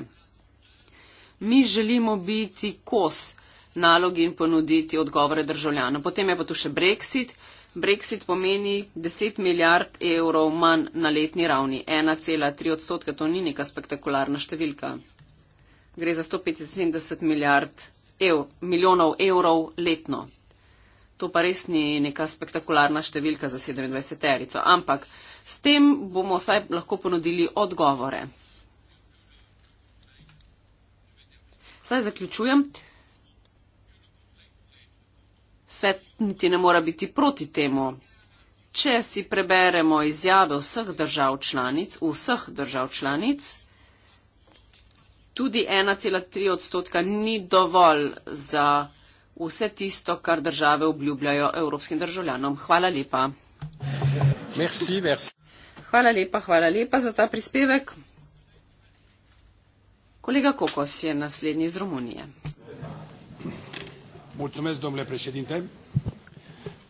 Mi želimo biti kos nalogi in ponuditi odgovore državljanom. Potem je pa tu še Brexit, Brexit pomeni 10 milijard evrov manj na letni ravni, 1,3 odstotka, to ni neka spektakularna številka. Gre za 175 milijard ev, milijonov evrov letno. To pa res ni neka spektakularna številka za 27-terico, ampak s tem bomo vsaj lahko ponudili odgovore. Saj zaključujem. Svet niti ne mora biti proti temu. Če si preberemo izjave vseh držav članic, vseh držav članic, tudi 1,3 odstotka ni dovolj za vse tisto, kar države obljubljajo evropskim državljanom. Hvala lepa. Merci, merci. Hvala lepa, hvala lepa za ta prispevek. Kolega Kokos je naslednji iz Romunije. Mulțumesc, domnule președinte.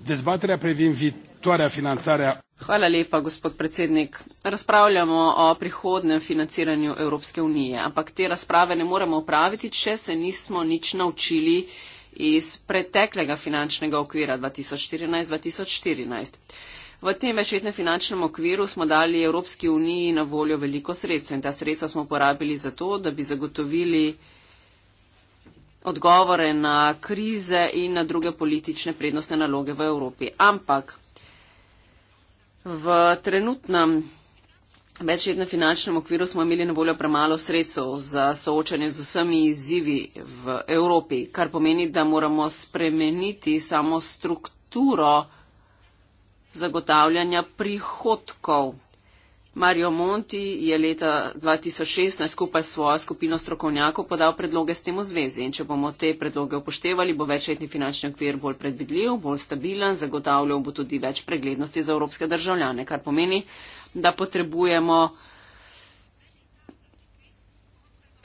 Dezbaterea privind viitoarea finanțare a. Hvala lepa, gospod predsednik. Razpravljamo o prihodnem financiranju Evropske unije, ampak te razprave ne moremo opraviti, če se nismo nič naučili iz preteklega finančnega okvira 2014-2014. V tem večletnem finančnem okviru smo dali Evropski uniji na voljo veliko sredstev in ta sredstva smo porabili za to, da bi zagotovili odgovore na krize in na druge politične prednostne naloge v Evropi. Ampak v trenutnem večletnem finančnem okviru smo imeli na voljo premalo sredstev za soočanje z vsemi izzivi v Evropi, kar pomeni, da moramo spremeniti samo strukturo zagotavljanja prihodkov Mario Monti je leta 2016 skupaj s svojo skupino strokovnjakov podal predloge s tem v zvezi in če bomo te predloge upoštevali, bo večletni finančni okvir bolj predvidljiv, bolj stabilen, zagotavljal bo tudi več preglednosti za evropske državljane, kar pomeni, da potrebujemo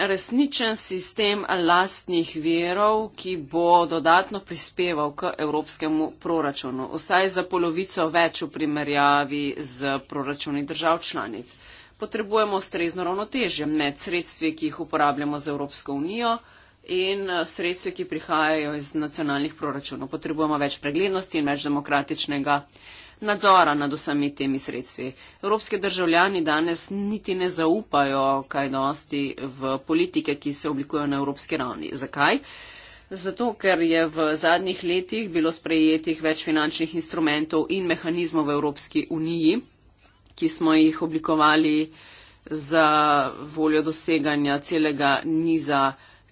resničen sistem lastnih verov, ki bo dodatno prispeval k evropskemu proračunu, vsaj za polovico več v primerjavi z proračuni držav članic. Potrebujemo strezno ravnotežje med sredstvi, ki jih uporabljamo za Evropsko unijo in eh, sredstvi, ki prihajajo iz nacionalnih proračunov. Potrebujemo več preglednosti in več demokratičnega nadzora nad vsemi temi sredstvi. Evropske državljani danes niti ne zaupajo kaj dosti v politike, ki se oblikujejo na evropski ravni. Zakaj? Zato, ker je v zadnjih letih bilo sprejetih več finančnih instrumentov in mehanizmov v Evropski uniji, ki smo jih oblikovali za voljo doseganja celega niza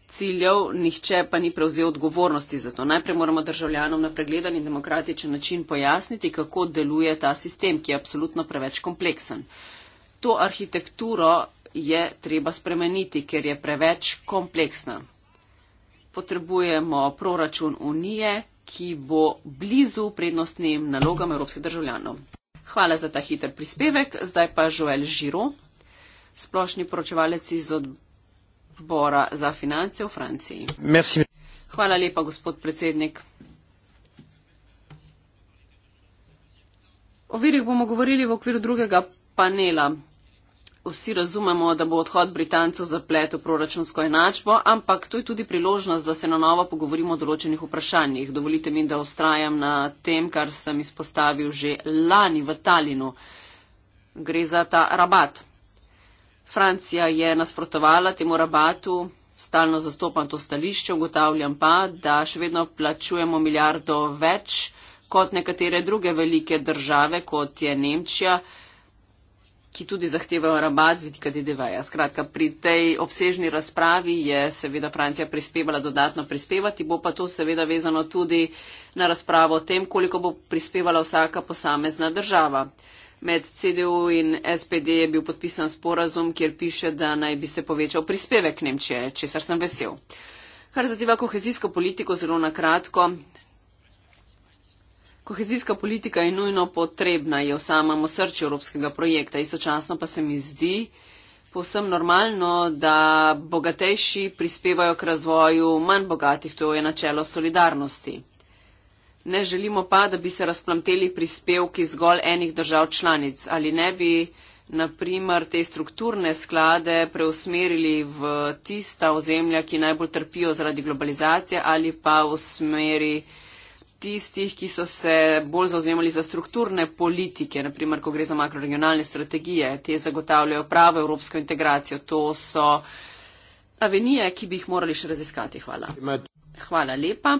ciljev, nihče pa ni prevzel odgovornosti za to. Najprej moramo državljanom na pregledan in demokratičen način pojasniti, kako deluje ta sistem, ki je absolutno preveč kompleksen. To arhitekturo je treba spremeniti, ker je preveč kompleksna. Potrebujemo proračun unije, ki bo blizu prednostnim nalogam evropskih državljanov. Hvala za ta hiter prispevek. Zdaj pa Joel Žiro, splošni poročevalec iz odbora odbora za finance v Franciji. Merci. Hvala lepa, gospod predsednik. O virih bomo govorili v okviru drugega panela. Vsi razumemo, da bo odhod Britancev zaplet v proračunsko enačbo, ampak to je tudi priložnost, da se na novo pogovorimo o določenih vprašanjih. Dovolite mi, da ostrajam na tem, kar sem izpostavil že lani v Talinu. Gre za ta rabat. Francija je nasprotovala temu rabatu, stalno zastopam to stališče, ugotavljam pa, da še vedno plačujemo milijardo več kot nekatere druge velike države, kot je Nemčija, ki tudi zahtevajo rabat z vidika DDV-ja. Skratka, pri tej obsežni razpravi je seveda Francija prispevala dodatno prispevati, bo pa to seveda vezano tudi na razpravo o tem, koliko bo prispevala vsaka posamezna država. Med CDU in SPD je bil podpisan sporazum, kjer piše, da naj bi se povečal prispevek Nemčije, česar sem vesel. Kar zadeva kohezijsko politiko, zelo na kratko. Kohezijska politika je nujno potrebna, je v samem osrčju evropskega projekta. Istočasno pa se mi zdi povsem normalno, da bogatejši prispevajo k razvoju manj bogatih, to je načelo solidarnosti ne želimo pa, da bi se razplamteli prispevki zgolj enih držav članic. Ali ne bi, na primer, te strukturne sklade preusmerili v tista ozemlja, ki najbolj trpijo zaradi globalizacije, ali pa v smeri tistih, ki so se bolj zauzemali za strukturne politike, naprimer, ko gre za makroregionalne strategije, te zagotavljajo pravo evropsko integracijo. To so avenije, ki bi jih morali še raziskati. Hvala. Hvala lepa.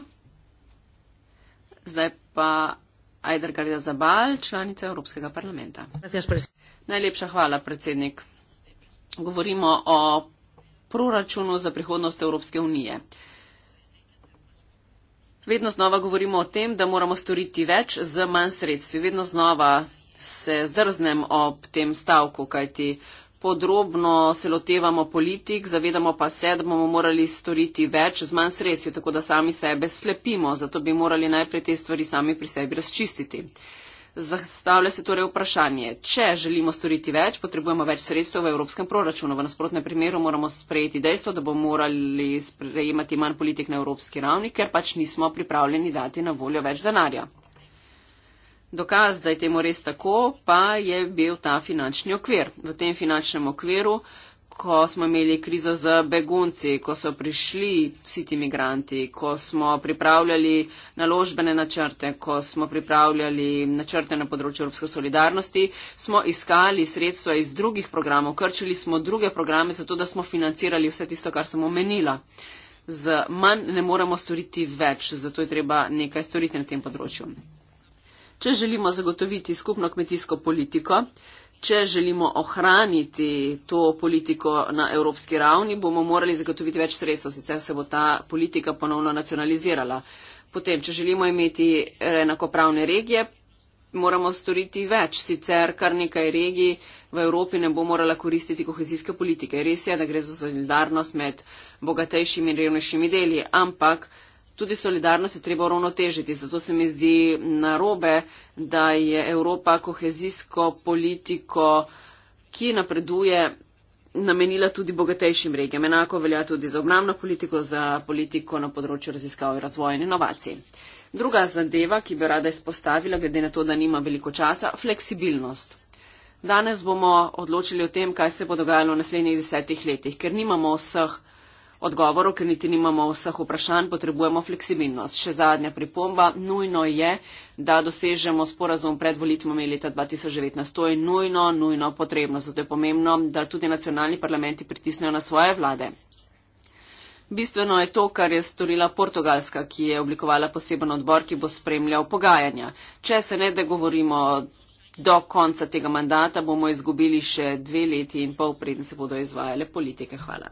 Zdaj pa Ajder Garja Zabal, članica Evropskega parlamenta. Najlepša hvala, predsednik. Govorimo o proračunu za prihodnost Evropske unije. Vedno znova govorimo o tem, da moramo storiti več z manj sredstvi. Vedno znova se zdrznem ob tem stavku, kajti podrobno se lotevamo politik, zavedamo pa se, da bomo morali storiti več z manj sredstvi, tako da sami sebe slepimo, zato bi morali najprej te stvari sami pri sebi razčistiti. Zastavlja se torej vprašanje, če želimo storiti več, potrebujemo več sredstev v evropskem proračunu. V nasprotnem primeru moramo sprejeti dejstvo, da bomo morali sprejemati manj politik na evropski ravni, ker pač nismo pripravljeni dati na voljo več denarja. Dokaz, da je temu res tako, pa je bil ta finančni okvir. V tem finančnem okviru, ko smo imeli krizo z begunci, ko so prišli vsi ti migranti, ko smo pripravljali naložbene načrte, ko smo pripravljali načrte na področju Evropske solidarnosti, smo iskali sredstva iz drugih programov, krčili smo druge programe, zato da smo financirali vse tisto, kar sem omenila. Z manj ne moremo storiti več, zato je treba nekaj storiti na tem področju če želimo zagotoviti skupno kmetijsko politiko, če želimo ohraniti to politiko na evropski ravni, bomo morali zagotoviti več sredstev, sicer se bo ta politika ponovno nacionalizirala. Potem, če želimo imeti enakopravne regije, moramo storiti več, sicer kar nekaj regij v Evropi ne bo morala koristiti kohezijske politike. Res je, da gre za solidarnost med bogatejšimi in revnejšimi deli, ampak tudi solidarnost je treba uravnotežiti. Zato se mi zdi narobe, da je Evropa kohezijsko politiko, ki napreduje, namenila tudi bogatejšim regijam. Enako velja tudi za obnamno politiko, za politiko na področju raziskav in razvoja in inovacij. Druga zadeva, ki bi rada izpostavila, glede na to, da nima veliko časa, fleksibilnost. Danes bomo odločili o tem, kaj se bo dogajalo v naslednjih desetih letih, ker nimamo vseh Odgovorov, ker niti nimamo vseh vprašanj, potrebujemo fleksibilnost. Še zadnja pripomba, nujno je, da dosežemo sporazum pred volitvami leta 2019. To je nujno, nujno potrebno, zato je pomembno, da tudi nacionalni parlamenti pritisnejo na svoje vlade. Bistveno je to, kar je storila Portugalska, ki je oblikovala poseben odbor, ki bo spremljal pogajanja. Če se ne dogovorimo do konca tega mandata, bomo izgubili še dve leti in pol, preden se bodo izvajale politike. Hvala.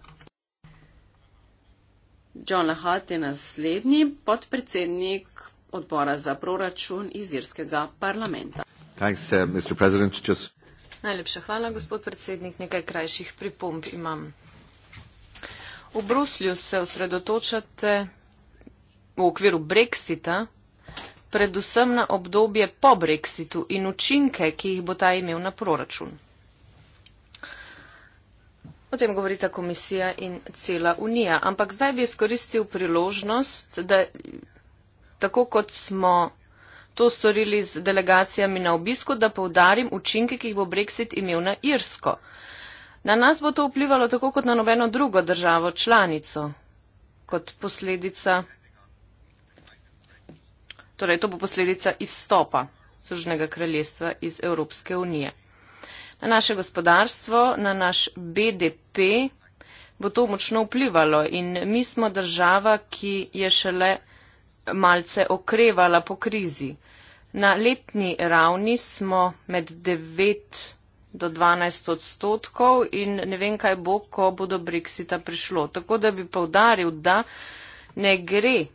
John Lahat je naslednji podpredsednik odbora za proračun iz irskega parlamenta. Thanks, uh, Just... Najlepša hvala, gospod predsednik. Nekaj krajših pripomb imam. V Bruslju se osredotočate v okviru Brexita, predvsem na obdobje po Brexitu in učinke, ki jih bo ta imel na proračun. O tem govorita komisija in cela unija. Ampak zdaj bi izkoristil priložnost, da tako kot smo to storili z delegacijami na obisku, da povdarim učinke, ki jih bo Brexit imel na Irsko. Na nas bo to vplivalo tako kot na nobeno drugo državo članico, kot posledica. Torej, to bo posledica izstopa Združenega kraljestva iz Evropske unije na naše gospodarstvo, na naš BDP, bo to močno vplivalo in mi smo država, ki je šele malce okrevala po krizi. Na letni ravni smo med 9 do 12 odstotkov in ne vem, kaj bo, ko bo do Brexita prišlo. Tako da bi povdaril, da ne gre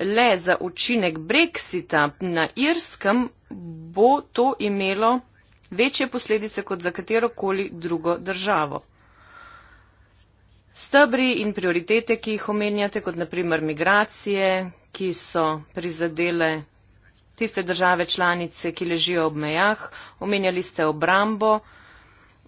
le za učinek Brexita na Irskem, bo to imelo večje posledice kot za katerokoli drugo državo. Stebri in prioritete, ki jih omenjate, kot naprimer migracije, ki so prizadele tiste države članice, ki ležijo ob mejah, omenjali ste obrambo,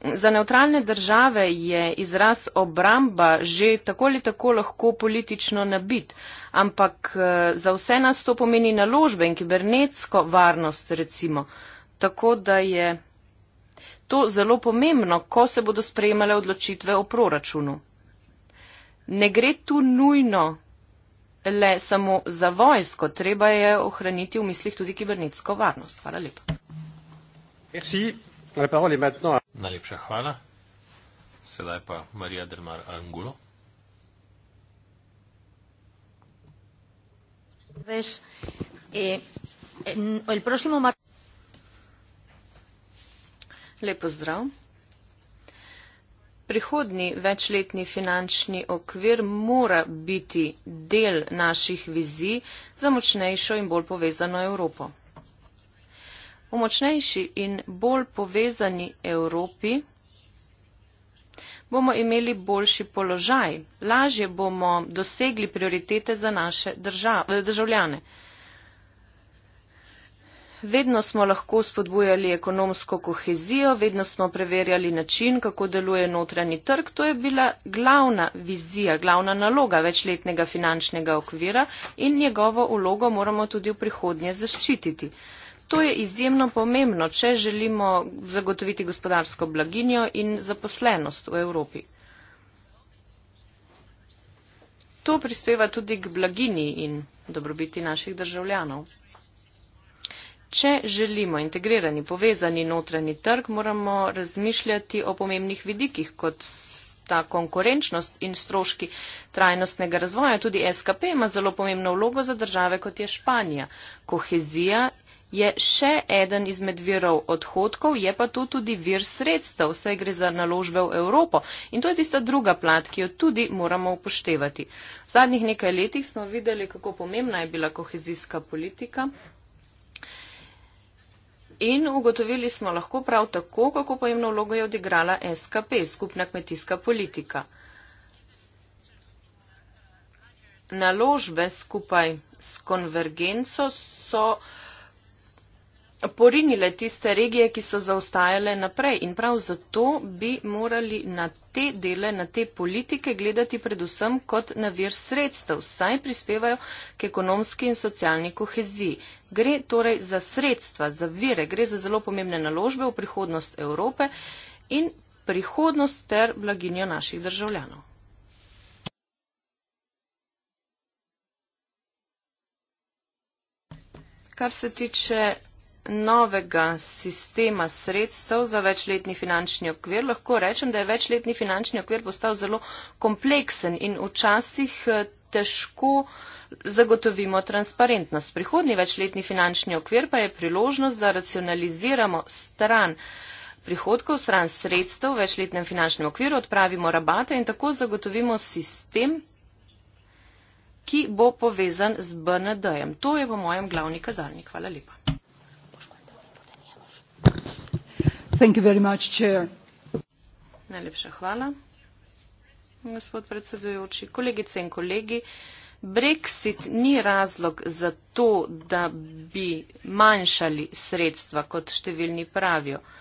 Za neutralne države je izraz obramba že tako ali tako lahko politično nabit, ampak eh, za vse nas to pomeni naložbe in kibernetsko varnost, recimo. Tako da je to zelo pomembno, ko se bodo sprejemale odločitve o proračunu. Ne gre tu nujno le samo za vojsko, treba je ohraniti v mislih tudi kibernetsko varnost. Hvala lepa. Merci. La parole est maintenant à Najlepša hvala. Sedaj pa Marija Delmar Angulo. Veš, eh, el próximo mar... Lepo zdrav. Prihodni večletni finančni okvir mora biti del naših vizij za močnejšo in bolj povezano Evropo. V močnejši in bolj povezani Evropi bomo imeli boljši položaj, lažje bomo dosegli prioritete za naše držav, državljane. Vedno smo lahko spodbujali ekonomsko kohezijo, vedno smo preverjali način, kako deluje notranji trg. To je bila glavna vizija, glavna naloga večletnega finančnega okvira in njegovo ulogo moramo tudi v prihodnje zaščititi. To je izjemno pomembno, če želimo zagotoviti gospodarsko blaginjo in zaposlenost v Evropi. To prispeva tudi k blaginji in dobrobiti naših državljanov. Če želimo integrirani, povezani notranji trg, moramo razmišljati o pomembnih vidikih, kot sta konkurenčnost in stroški trajnostnega razvoja. Tudi SKP ima zelo pomembno vlogo za države, kot je Španija. Kohezija je še eden izmed virov odhodkov, je pa to tudi vir sredstev, vse gre za naložbe v Evropo. In to je tista druga plat, ki jo tudi moramo upoštevati. V zadnjih nekaj letih smo videli, kako pomembna je bila kohezijska politika. In ugotovili smo lahko prav tako, kako pomembno vlogo je odigrala SKP, skupna kmetijska politika. Naložbe skupaj s konvergenco so porinile tiste regije, ki so zaostajale naprej. In prav zato bi morali na te dele, na te politike gledati predvsem kot na vir sredstev, saj prispevajo k ekonomski in socialni koheziji. Gre torej za sredstva, za vire, gre za zelo pomembne naložbe v prihodnost Evrope in prihodnost ter blaginjo naših državljanov. Kar se tiče novega sistema sredstev za večletni finančni okvir. Lahko rečem, da je večletni finančni okvir postal zelo kompleksen in včasih eh, težko zagotovimo transparentnost. Prihodni večletni finančni okvir pa je priložnost, da racionaliziramo stran prihodkov, stran sredstev v večletnem finančnem okviru, odpravimo rabate in tako zagotovimo sistem, ki bo povezan z BND-jem. To je po mojem glavni kazalnik. Hvala lepa. Najlepša hvala, gospod predsedujoči. Kolegice in kolegi, Brexit ni razlog za to, da bi manjšali sredstva, kot številni pravijo. Brexit je razlog za to, da bi manjšali sredstva, kot številni pravijo.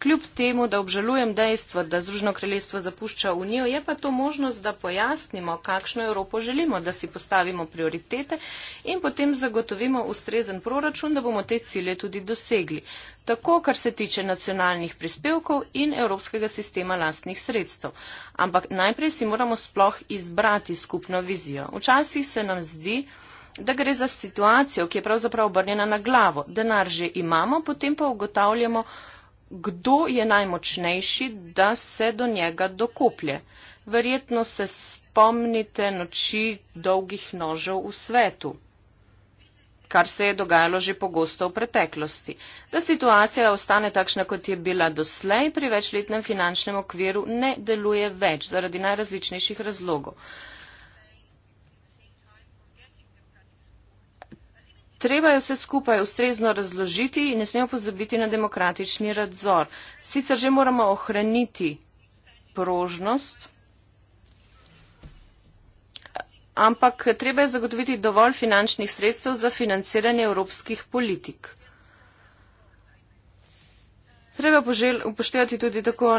Kljub temu, da obžalujem dejstvo, da Združeno kraljestvo zapušča Unijo, je pa to možnost, da pojasnimo, kakšno Evropo želimo, da si postavimo prioritete in potem zagotovimo ustrezen proračun, da bomo te cilje tudi dosegli. Tako, kar se tiče nacionalnih prispevkov in evropskega sistema lastnih sredstev. Ampak najprej si moramo sploh izbrati skupno vizijo. Včasih se nam zdi, da gre za situacijo, ki je pravzaprav obrnjena na glavo. Denar že imamo, potem pa ugotavljamo, kdo je najmočnejši, da se do njega dokoplje. Verjetno se spomnite noči dolgih nožev v svetu, kar se je dogajalo že pogosto v preteklosti. Da situacija ostane takšna, kot je bila doslej pri večletnem finančnem okviru, ne deluje več zaradi najrazličnejših razlogov. Treba je vse skupaj ustrezno razložiti in ne smemo pozabiti na demokratični nadzor. Sicer že moramo ohraniti prožnost, ampak treba je zagotoviti dovolj finančnih sredstev za financiranje evropskih politik. Treba upoštevati tudi tako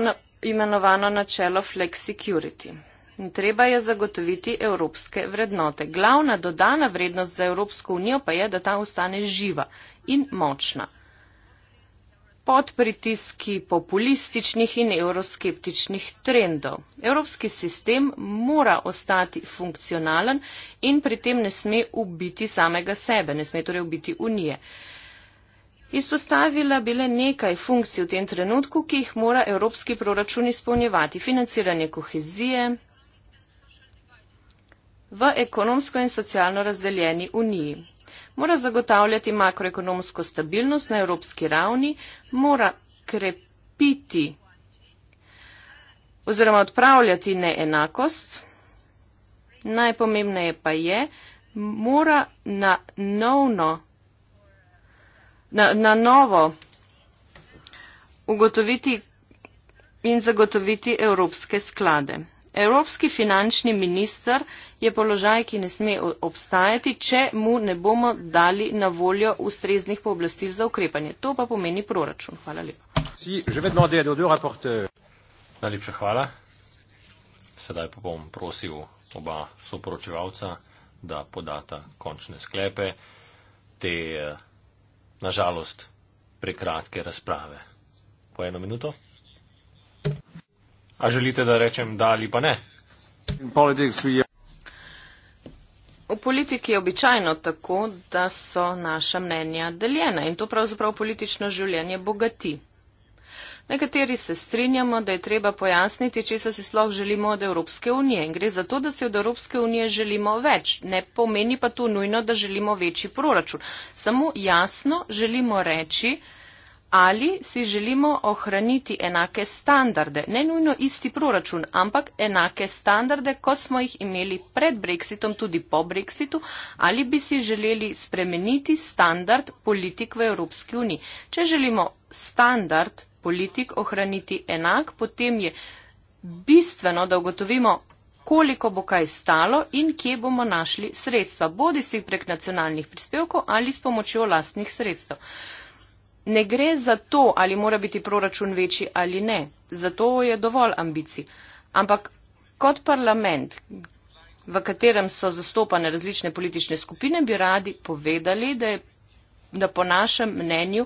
imenovano načelo flexicurity in treba je zagotoviti evropske vrednote. Glavna dodana vrednost za Evropsko unijo pa je, da ta ostane živa in močna. Pod pritiski populističnih in euroskeptičnih trendov. Evropski sistem mora ostati funkcionalen in pri tem ne sme ubiti samega sebe, ne sme torej ubiti unije. Izpostavila bile nekaj funkcij v tem trenutku, ki jih mora evropski proračun izpolnjevati. Financiranje kohezije, v ekonomsko in socialno razdeljeni uniji. Mora zagotavljati makroekonomsko stabilnost na evropski ravni, mora krepiti oziroma odpravljati neenakost. Najpomembneje pa je, mora na, novno, na, na novo ugotoviti in zagotoviti evropske sklade. Evropski finančni minister je položaj, ki ne sme obstajati, če mu ne bomo dali na voljo ustreznih pooblastil za ukrepanje. To pa pomeni proračun. Hvala lepa. Najlepša hvala. Sedaj pa bom prosil oba soporočevalca, da podata končne sklepe te nažalost prekratke razprave. Po eno minuto. A želite, da rečem da ali pa ne? V politiki je običajno tako, da so naša mnenja deljena in to pravzaprav politično življenje bogati. Nekateri se strinjamo, da je treba pojasniti, če se si sploh želimo od Evropske unije in gre za to, da si od Evropske unije želimo več. Ne pomeni pa to nujno, da želimo večji proračun. Samo jasno želimo reči, ali si želimo ohraniti enake standarde, ne nujno isti proračun, ampak enake standarde, kot smo jih imeli pred Brexitom, tudi po Brexitu, ali bi si želeli spremeniti standard politik v Evropski uniji. Če želimo standard politik ohraniti enak, potem je bistveno, da ugotovimo, koliko bo kaj stalo in kje bomo našli sredstva, bodi si prek nacionalnih prispevkov ali s pomočjo lastnih sredstev ne gre za to, ali mora biti proračun večji ali ne. Zato je dovolj ambicij. Ampak kot parlament, v katerem so zastopane različne politične skupine, bi radi povedali, da, je, da po našem mnenju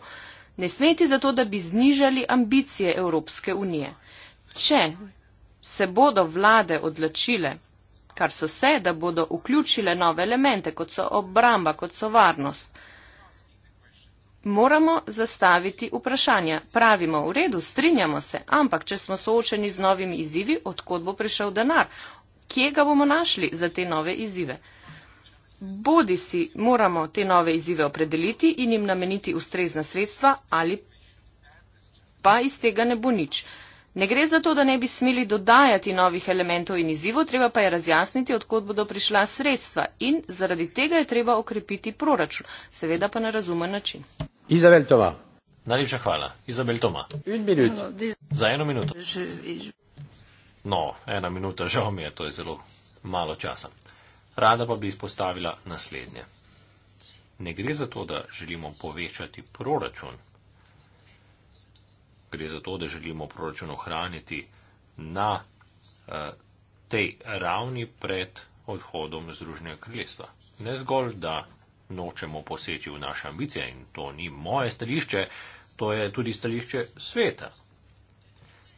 ne smeti za to, da bi znižali ambicije Evropske unije. Če se bodo vlade odločile, kar so se, da bodo vključile nove elemente, kot so obramba, kot so varnost, moramo zastaviti vprašanja. Pravimo, v redu, strinjamo se, ampak če smo soočeni z novimi izzivi, odkot bo prišel denar? Kje ga bomo našli za te nove izzive? Bodi si moramo te nove izzive opredeliti in jim nameniti ustrezna sredstva ali pa iz tega ne bo nič. Ne gre za to, da ne bi smeli dodajati novih elementov in izzivov, treba pa je razjasniti, odkot bodo prišla sredstva in zaradi tega je treba okrepiti proračun, seveda pa na razumen način. Izabel Toma. Najlepša hvala. Izabel Toma. Za eno minuto. No, ena minuta, žal mi je, to je zelo malo časa. Rada pa bi izpostavila naslednje. Ne gre za to, da želimo povečati proračun, gre za to, da želimo proračun ohraniti na uh, tej ravni pred odhodom Združenega kraljestva. Ne zgolj, da nočemo poseči v naše ambicije in to ni moje stališče, to je tudi stališče sveta.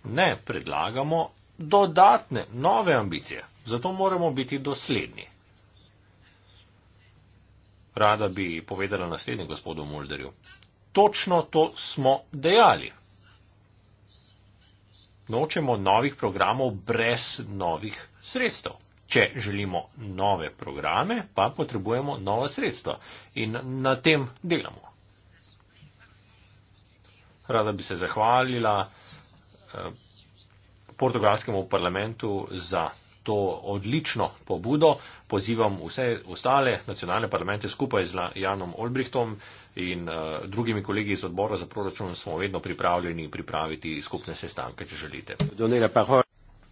Ne predlagamo dodatne, nove ambicije, zato moramo biti dosledni. Rada bi povedala naslednje gospodu Mulderju. Točno to smo dejali nočemo novih programov brez novih sredstev. Če želimo nove programe, pa potrebujemo nova sredstva in na tem delamo. Rada bi se zahvalila eh, portugalskemu parlamentu za to odlično pobudo. Pozivam vse ostale nacionalne parlamente skupaj z Janom Olbrichtom in uh, drugimi kolegi iz odbora za proračun smo vedno pripravljeni pripraviti skupne sestanke, če želite.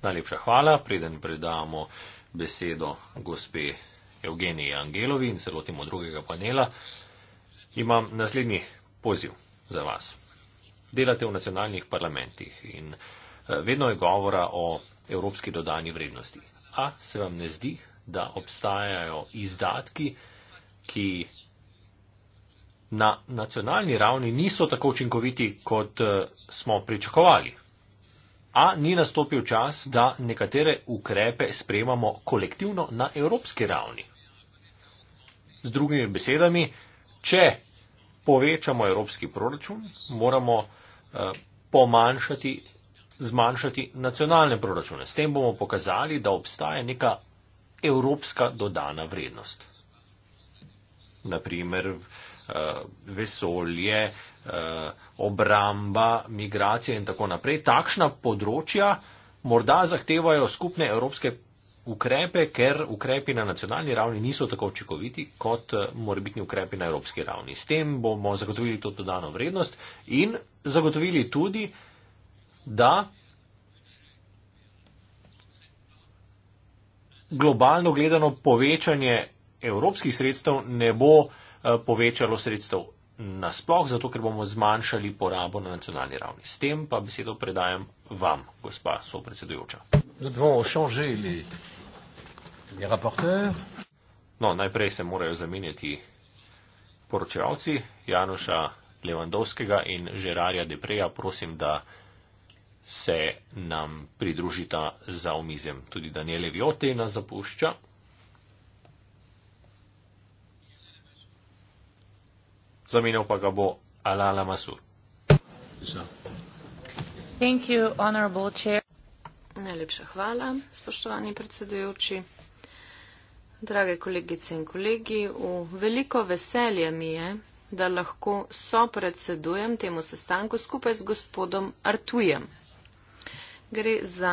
Najlepša hvala. Preden predamo besedo gospe Evgeniji Angelovi in celotimo drugega panela, imam naslednji poziv za vas. Delate v nacionalnih parlamentih in eh, vedno je govora o evropski dodani vrednosti. A se vam ne zdi, da obstajajo izdatki, ki na nacionalni ravni niso tako učinkoviti, kot eh, smo pričakovali? A ni nastopil čas, da nekatere ukrepe sprejemamo kolektivno na evropski ravni? Z drugimi besedami, če povečamo evropski proračun, moramo eh, pomanjšati zmanjšati nacionalne proračune. S tem bomo pokazali, da obstaja neka evropska dodana vrednost. Naprimer, eh, vesolje, eh, obramba, migracije in tako naprej. Takšna področja morda zahtevajo skupne evropske ukrepe, ker ukrepi na nacionalni ravni niso tako očikoviti kot eh, morebitni ukrepi na evropski ravni. S tem bomo zagotovili to dodano vrednost in zagotovili tudi, da globalno gledano povečanje evropskih sredstev ne bo eh, povečalo sredstev nasploh, zato ker bomo zmanjšali porabo na nacionalni ravni. S tem pa besedo predajam vam, gospa sopredsedujoča. No, najprej se morajo zamenjati poročevalci Janoša Levandovskega in Žerarja Depreja. Prosim, da se nam pridružita za omizjem. Tudi Daniele Vjote nas zapušča. Zamenjal pa ga bo Alala Masur. Najlepša hvala, spoštovani predsedujoči. Drage kolegice in kolegi, v veliko veselje mi je, da lahko sopredsedujem temu sestanku skupaj z gospodom Artujem gre za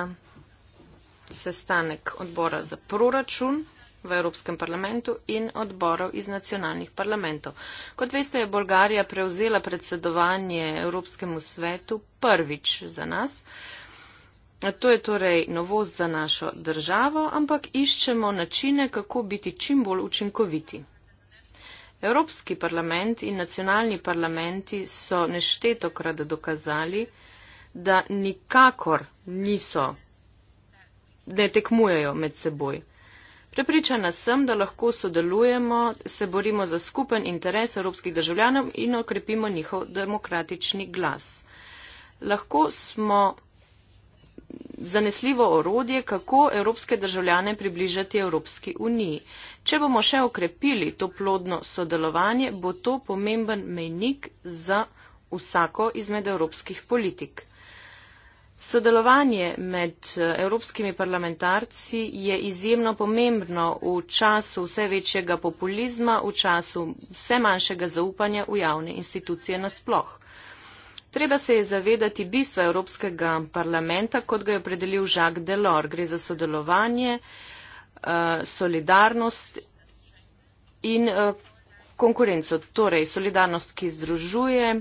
sestanek odbora za proračun v Evropskem parlamentu in odborov iz nacionalnih parlamentov. Kot veste, je Bolgarija prevzela predsedovanje Evropskemu svetu prvič za nas. To je torej novost za našo državo, ampak iščemo načine, kako biti čim bolj učinkoviti. Evropski parlament in nacionalni parlamenti so neštetokrat dokazali, da nikakor niso, da tekmujejo med seboj. Prepričana sem, da lahko sodelujemo, se borimo za skupen interes evropskih državljanov in okrepimo njihov demokratični glas. Lahko smo zanesljivo orodje, kako evropske državljane približati Evropski uniji. Če bomo še okrepili to plodno sodelovanje, bo to pomemben menik za vsako izmed evropskih politik. Sodelovanje med eh, evropskimi parlamentarci je izjemno pomembno v času vse večjega populizma, v času vse manjšega zaupanja v javne institucije nasploh. Treba se je zavedati bistva Evropskega parlamenta, kot ga je opredelil Jacques Delors. Gre za sodelovanje, eh, solidarnost in eh, konkurenco, torej solidarnost, ki združuje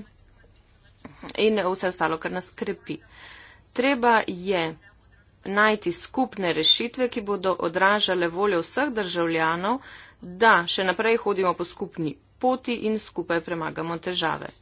in vse ostalo, kar nas krepi. Treba je najti skupne rešitve, ki bodo odražale voljo vseh državljanov, da še naprej hodimo po skupni poti in skupaj premagamo težave.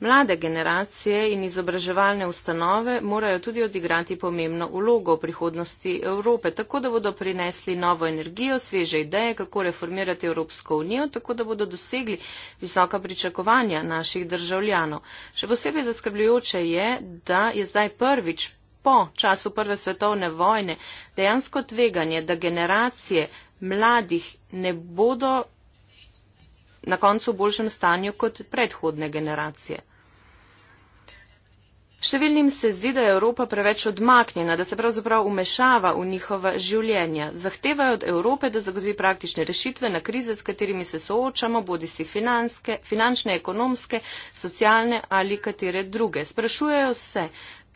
Mlade generacije in izobraževalne ustanove morajo tudi odigrati pomembno ulogo v prihodnosti Evrope, tako da bodo prinesli novo energijo, sveže ideje, kako reformirati Evropsko unijo, tako da bodo dosegli visoka pričakovanja naših državljanov. Še posebej zaskrbljujoče je, da je zdaj prvič po času Prve svetovne vojne dejansko tveganje, da generacije mladih ne bodo na koncu v boljšem stanju kot predhodne generacije. Številnim se zdi, da je Evropa preveč odmaknjena, da se pravzaprav umešava v njihova življenja. Zahtevajo od Evrope, da zagotovi praktične rešitve na krize, s katerimi se soočamo, bodi si finanske, finančne, ekonomske, socialne ali katere druge. Sprašujejo se,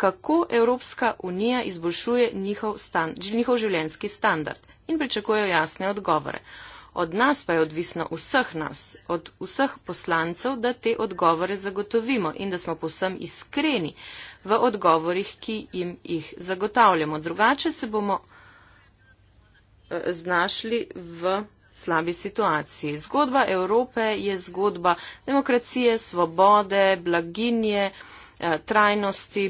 kako Evropska unija izboljšuje njihov, stand, njihov življenjski standard in pričakujejo jasne odgovore od nas pa je odvisno vseh nas, od vseh poslancev, da te odgovore zagotovimo in da smo posem iskreni v odgovorih, ki jim jih zagotavljamo. Drugače se bomo eh, znašli v slabi situaciji. Zgodba Evrope je zgodba demokracije, svobode, blaginje, eh, trajnosti.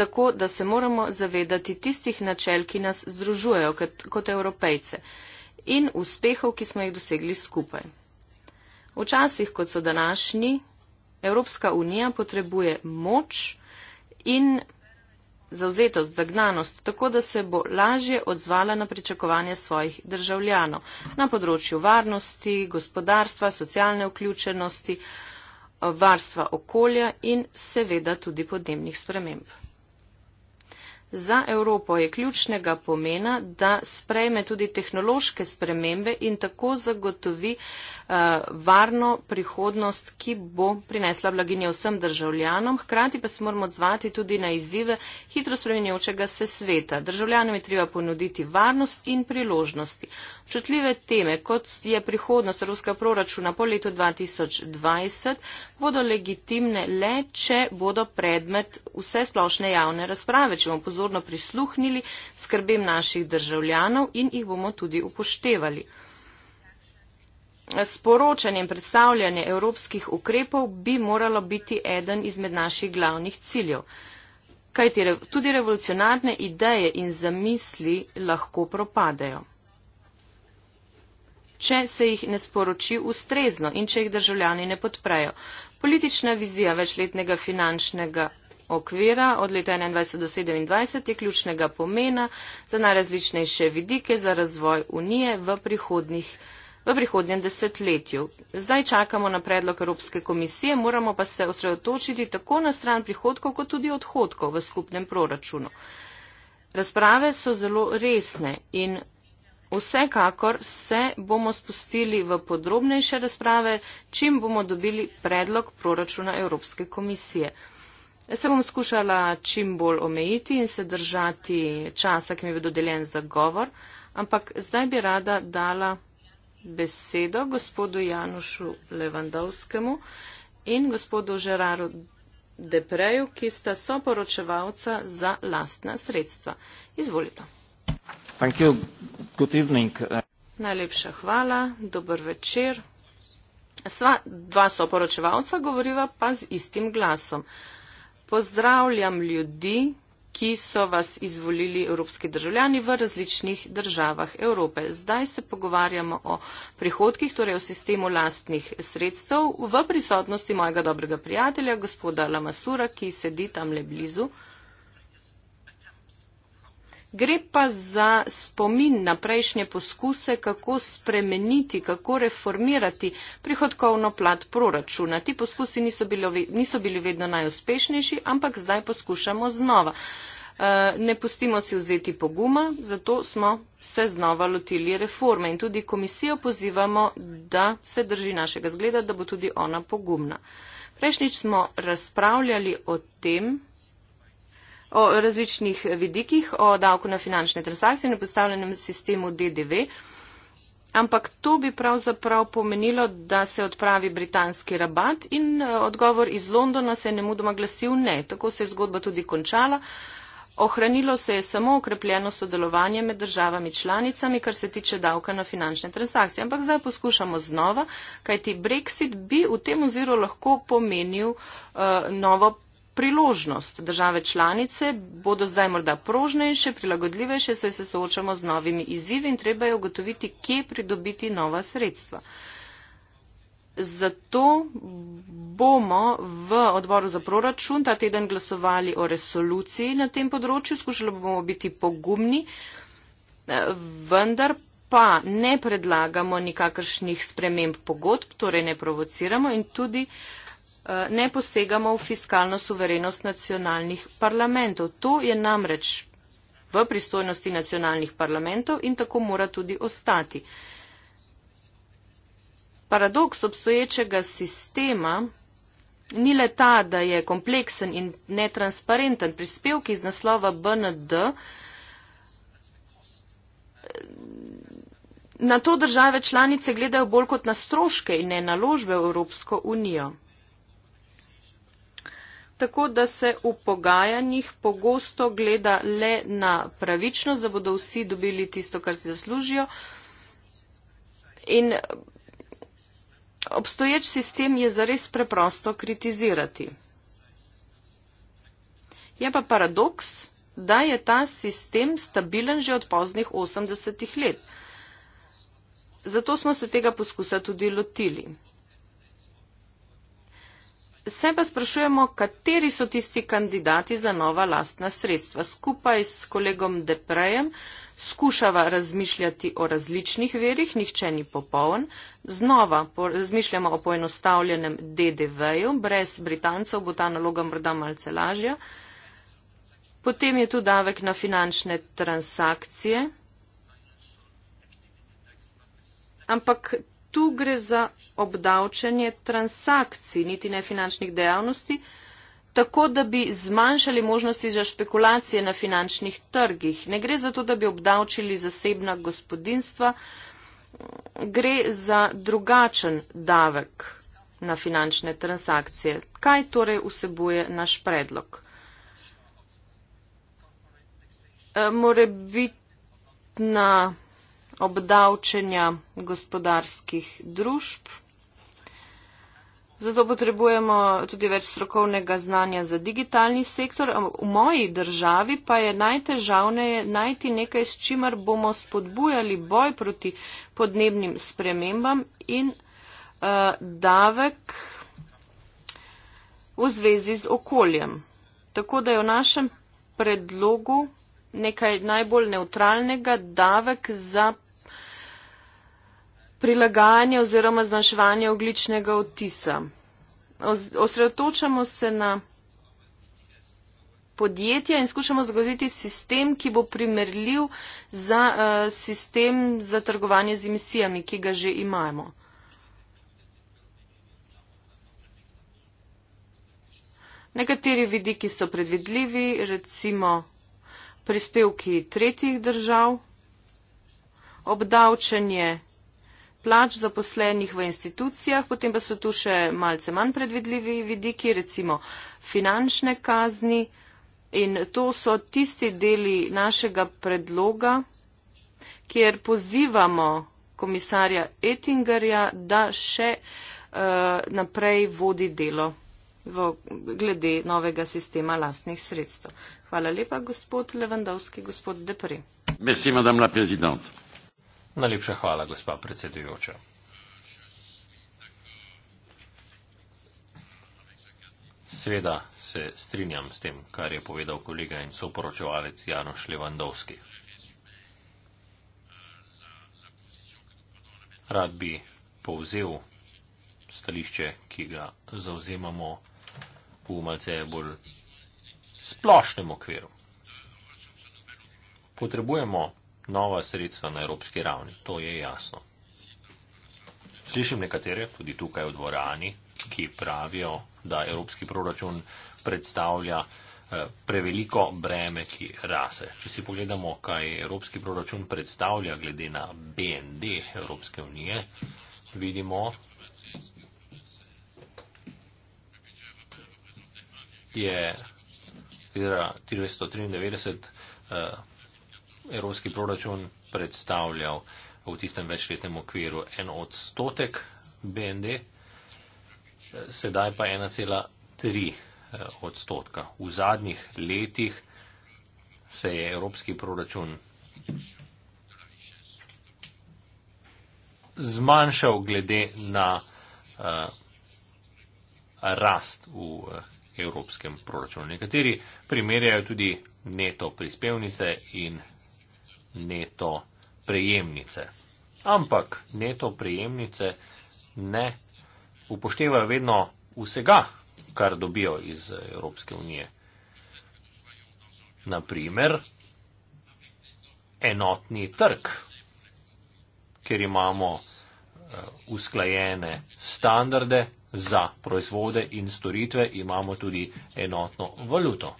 Tako da se moramo zavedati tistih načel, ki nas združujejo kot, kot evropejce in uspehov, ki smo jih dosegli skupaj. Včasih, kot so današnji, Evropska unija potrebuje moč in zauzetost, zagnanost, tako da se bo lažje odzvala na pričakovanje svojih državljanov na področju varnosti, gospodarstva, socialne vključenosti, varstva okolja in seveda tudi podnebnih sprememb. Za Evropo je ključnega pomena, da sprejme tudi tehnološke spremembe in tako zagotovi uh, varno prihodnost, ki bo prinesla blaginje vsem državljanom. Hkrati pa se moramo odzvati tudi na izzive hitro spremenjajočega se sveta. Državljanom je treba ponuditi varnost in priložnosti. Občutljive teme, kot je prihodnost evropskega proračuna po letu 2020, bodo legitimne le, če bodo predmet vse splošne javne razprave pozorno prisluhnili skrbem naših državljanov in jih bomo tudi upoštevali. Sporočanje in predstavljanje evropskih ukrepov bi moralo biti eden izmed naših glavnih ciljev. Kaj tudi revolucionarne ideje in zamisli lahko propadejo, če se jih ne sporoči ustrezno in če jih državljani ne podprejo. Politična vizija večletnega finančnega okvira od leta 2021 do 2027 je ključnega pomena za najrazličnejše vidike za razvoj unije v prihodnih v prihodnjem desetletju. Zdaj čakamo na predlog Evropske komisije, moramo pa se osredotočiti tako na stran prihodkov, kot tudi odhodkov v skupnem proračunu. Razprave so zelo resne in vsekakor se bomo spustili v podrobnejše razprave, čim bomo dobili predlog proračuna Evropske komisije. Jaz se bom skušala čim bolj omejiti in se držati časa, ki mi je bil dodeljen za govor, ampak zdaj bi rada dala besedo gospodu Janušu Levandovskemu in gospodu Žeraru Depreju, ki sta soporočevalca za lastna sredstva. Izvolite. Najlepša hvala, dober večer. Sva dva soporočevalca govoriva pa z istim glasom. Uh, pozdravljam ljudi, ki so vas izvolili evropski državljani v različnih državah Evrope. Zdaj se pogovarjamo o prihodkih, torej o sistemu lastnih sredstev v prisotnosti mojega dobrega prijatelja, gospoda Lamasura, ki sedi tam le blizu. Gre pa za spomin na prejšnje poskuse, kako spremeniti, kako reformirati prihodkovno plat proračuna. Ti poskusi niso bili, niso bili vedno najuspešnejši, ampak zdaj poskušamo znova. E, ne pustimo si vzeti poguma, zato smo se znova lotili reforme in tudi komisijo pozivamo, da se drži našega zgleda, da bo tudi ona pogumna. Prejšnjič smo razpravljali o tem, o različnih vidikih, o davku na finančne transakcije in postavljenem sistemu DDV. Ampak to bi pravzaprav pomenilo, da se odpravi britanski rabat in e, odgovor iz Londona se je nemudoma glasil ne. Tako se je zgodba tudi končala. Ohranilo se je samo okrepljeno sodelovanje med državami članicami, kar se tiče davka na finančne transakcije. Ampak zdaj poskušamo znova, kajti Brexit bi v tem oziru lahko pomenil uh, novo priložnost. Države članice bodo zdaj morda prožnejše, prilagodljivejše, saj se soočamo z novimi izzivi in treba je ugotoviti, kje pridobiti nova sredstva. Zato bomo v odboru za proračun ta teden glasovali o resoluciji na tem področju, skušali bomo biti pogumni, eh, vendar pa ne predlagamo nikakršnih sprememb pogodb, torej ne provociramo in tudi uh, Eh, ne posegamo v fiskalno suverenost nacionalnih parlamentov. To je namreč v pristojnosti nacionalnih parlamentov in tako mora tudi ostati. Paradoks obstoječega sistema ni le ta, da je kompleksen in netransparenten prispevki iz naslova BND eh, na to države članice gledajo bolj kot na stroške in ne naložbe v Evropsko unijo tako, da se v pogajanjih pogosto gleda le na pravičnost, da bodo vsi dobili tisto, kar si zaslužijo. In obstoječ sistem je zares preprosto kritizirati. Je pa paradoks, da je ta sistem stabilen že od poznih 80-ih let. Zato smo se tega poskusa tudi lotili. Se pa sprašujemo, kateri so tisti kandidati za nova lastna sredstva. Skupaj s kolegom Deprejem skušava razmišljati o različnih verih, nihče ni popoln. Znova razmišljamo o poenostavljenem DDV-ju, brez Britancev bo ta naloga morda malce lažja. Potem je tu davek na finančne transakcije. Ampak tu gre za obdavčenje transakcij, niti ne finančnih dejavnosti, tako da bi zmanjšali možnosti za špekulacije na finančnih trgih. Ne gre za to, da bi obdavčili zasebna gospodinstva, gre za drugačen davek na finančne transakcije. Kaj torej vsebuje naš predlog? E, morebitna obdavčenja gospodarskih družb. Zato potrebujemo tudi več strokovnega znanja za digitalni sektor. V moji državi pa je najtežavneje najti nekaj, s čimer bomo spodbujali boj proti podnebnim spremembam in uh, davek v zvezi z okoljem. Tako da je v našem predlogu nekaj najbolj neutralnega davek za prilagajanje oziroma zmanjševanje ogličnega odtisa. Osredotočamo se na podjetja in skušamo zgoditi sistem, ki bo primerljiv za uh, sistem za trgovanje z emisijami, ki ga že imamo. Nekateri vidiki so predvidljivi, recimo prispevki tretjih držav, obdavčenje plač zaposlenih v institucijah, potem pa so tu še malce manj predvidljivi vidiki, recimo finančne kazni in to so tisti deli našega predloga, kjer pozivamo komisarja Ettingerja, da še uh, naprej vodi delo v, glede novega sistema lastnih sredstev. Hvala lepa, gospod Levandovski, gospod Depri. Merci, madame la présidente. Najlepša hvala, gospa predsedujoča. Sveda se strinjam s tem, kar je povedal kolega in soporočevalec Janoš Levandovski. Rad bi povzel stališče, ki ga zauzemamo v malce bolj splošnem okviru. Potrebujemo nova sredstva na evropski ravni, to je jasno. Slišim nekatere, tudi tukaj v dvorani, ki pravijo, da evropski proračun predstavlja eh, preveliko breme, ki rase. Če si pogledamo, kaj evropski proračun predstavlja glede na BND Evropske unije, vidimo, je izvira 493, uh, evropski proračun predstavljal v tistem večletnem okviru en odstotek BND, eh, sedaj pa 1,3 eh, odstotka. V zadnjih letih se je evropski proračun zmanjšal glede na uh, rast v uh, evropskem proračunu. Nekateri primerjajo tudi neto prispevnice in neto prejemnice. Ampak neto prejemnice ne upoštevajo vedno vsega, kar dobijo iz Evropske unije. Naprimer, enotni trg, ker imamo eh, usklajene standarde, za proizvode in storitve imamo tudi enotno valuto.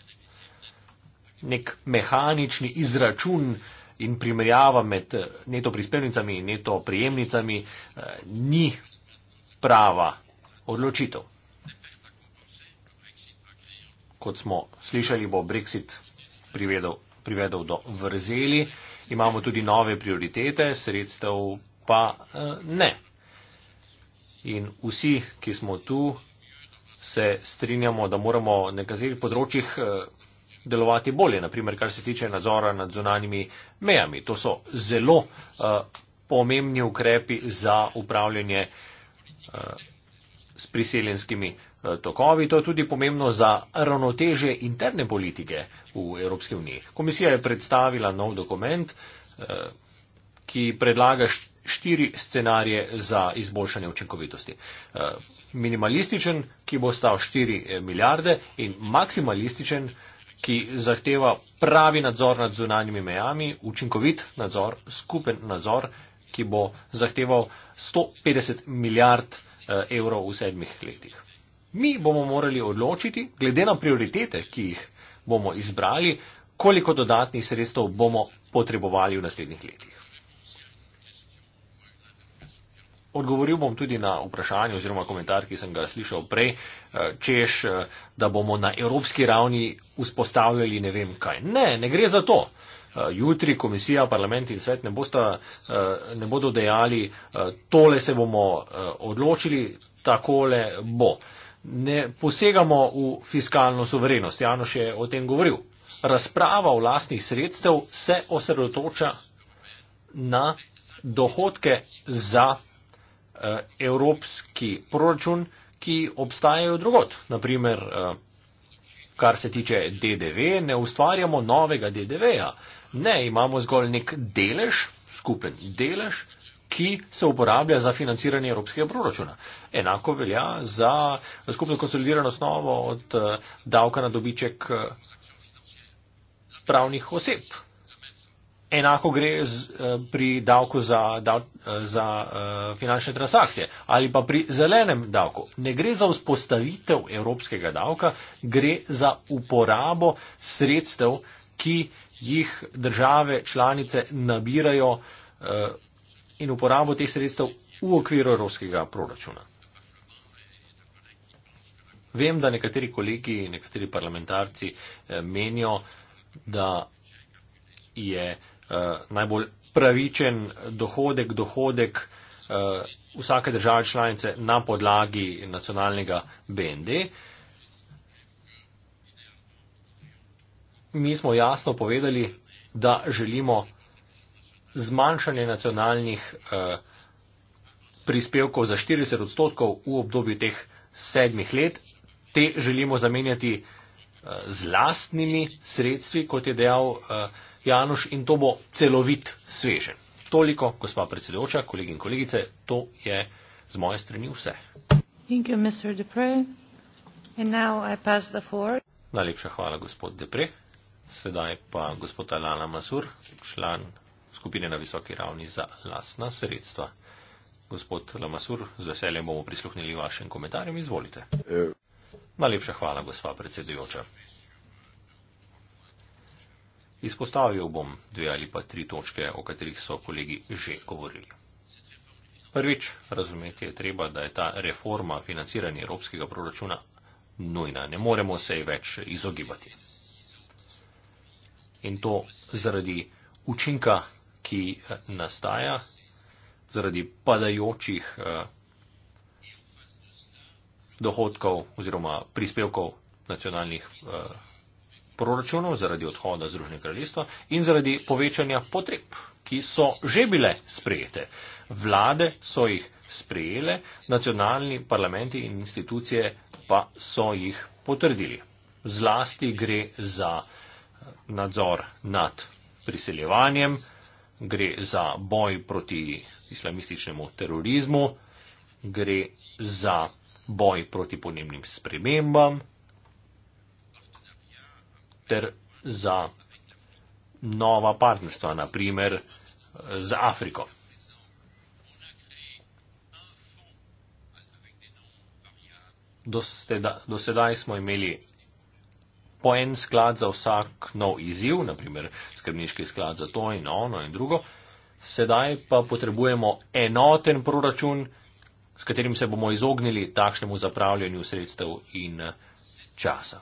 Nek mehanični izračun in primerjava med eh, neto prispevnicami in neto prijemnicami eh, ni prava odločitev. Kot smo slišali, bo Brexit privedel, privedel do vrzeli, imamo tudi nove prioritete, sredstev pa eh, ne in vsi, ki smo tu, se strinjamo, da moramo na nekaterih področjih eh, delovati bolje, naprimer, kar se tiče nadzora nad zunanimi mejami. To so zelo uh, pomembni ukrepi za upravljanje uh, s priseljenskimi uh, tokovi. To je tudi pomembno za ravnoteže interne politike v Evropski uniji. Komisija je predstavila nov dokument, uh, ki predlaga št štiri scenarije za izboljšanje učinkovitosti. Eh, minimalističen, ki bo stal 4 eh, milijarde in maksimalističen, ki zahteva pravi nadzor nad zunanjimi mejami, učinkovit nadzor, skupen nadzor, ki bo zahteval 150 milijard eh, evrov v sedmih letih. Mi bomo morali odločiti, glede na prioritete, ki jih bomo izbrali, koliko dodatnih sredstev bomo potrebovali v naslednjih letih. Odgovoril bom tudi na vprašanje oziroma komentar, ki sem ga slišal prej, eh, češ, eh, da bomo na evropski ravni vzpostavljali ne vem kaj. Ne, ne gre za to. Eh, jutri komisija, parlament in svet ne, bosta, ne bodo dejali, tole se bomo odločili, takole bo. Ne posegamo v fiskalno soverenost. Janoš je o tem govoril. Razprava o lastnih sredstev se osredotoča na dohodke za uh, evropski proračun, ki obstajajo drugot. Naprimer, uh, kar se tiče DDV, ne ustvarjamo novega DDV-ja. Ne, imamo zgolj nek delež, skupen delež, ki se uporablja za financiranje evropskega proračuna. Enako velja za skupno konsolidirano osnovo od uh, davka na dobiček. Uh, pravnih oseb. Enako gre z, eh, pri davku za, da, eh, za eh, finančne transakcije ali pa pri zelenem davku. Ne gre za vzpostavitev evropskega davka, gre za uporabo sredstev, ki jih države članice nabirajo in uporabo teh sredstev v okviru evropskega proračuna. Vem, da nekateri kolegi, nekateri parlamentarci menijo, da je Eh, najbolj pravičen dohodek, dohodek eh, vsake države članice na podlagi nacionalnega BND. Mi smo jasno povedali, da želimo zmanjšanje nacionalnih eh, prispevkov za 40 odstotkov v obdobju teh sedmih let. Te želimo zamenjati z lastnimi sredstvi, kot je dejal uh, Januš in to bo celovit svežen. Toliko, gospa predsedujoča, kolegi in kolegice, to je z moje strani vse. Najlepša hvala, gospod Depre. Sedaj pa gospod Alana Masur, član skupine na visoki ravni za lasna sredstva. Gospod Lamasur, z veseljem bomo prisluhnili vašim komentarjem. Izvolite. Eh. Najlepša hvala, gospa predsedujoča. Izpostavil bom dve ali pa tri točke, o katerih so kolegi že govorili. Prvič, razumeti je treba, da je ta reforma financiranja evropskega proračuna nujna. Ne moremo se ji več izogibati. In to zaradi učinka, ki nastaja, zaradi padajočih eh, dohodkov oziroma prispevkov nacionalnih eh, proračunov zaradi odhoda Združenih kraljestva in zaradi povečanja potreb, ki so že bile sprejete. Vlade so jih sprejele, nacionalni parlamenti in institucije pa so jih potrdili. Zlasti gre za eh, nadzor nad priseljevanjem, gre za boj proti islamističnemu terorizmu, gre za boj proti podnebnim spremembam, ter za nova partnerstva, naprimer z Afriko. Do sedaj smo imeli po en sklad za vsak nov izziv, naprimer skrbniški sklad za to in ono in drugo, sedaj pa potrebujemo enoten proračun, s katerim se bomo izognili takšnemu zapravljanju sredstev in časa.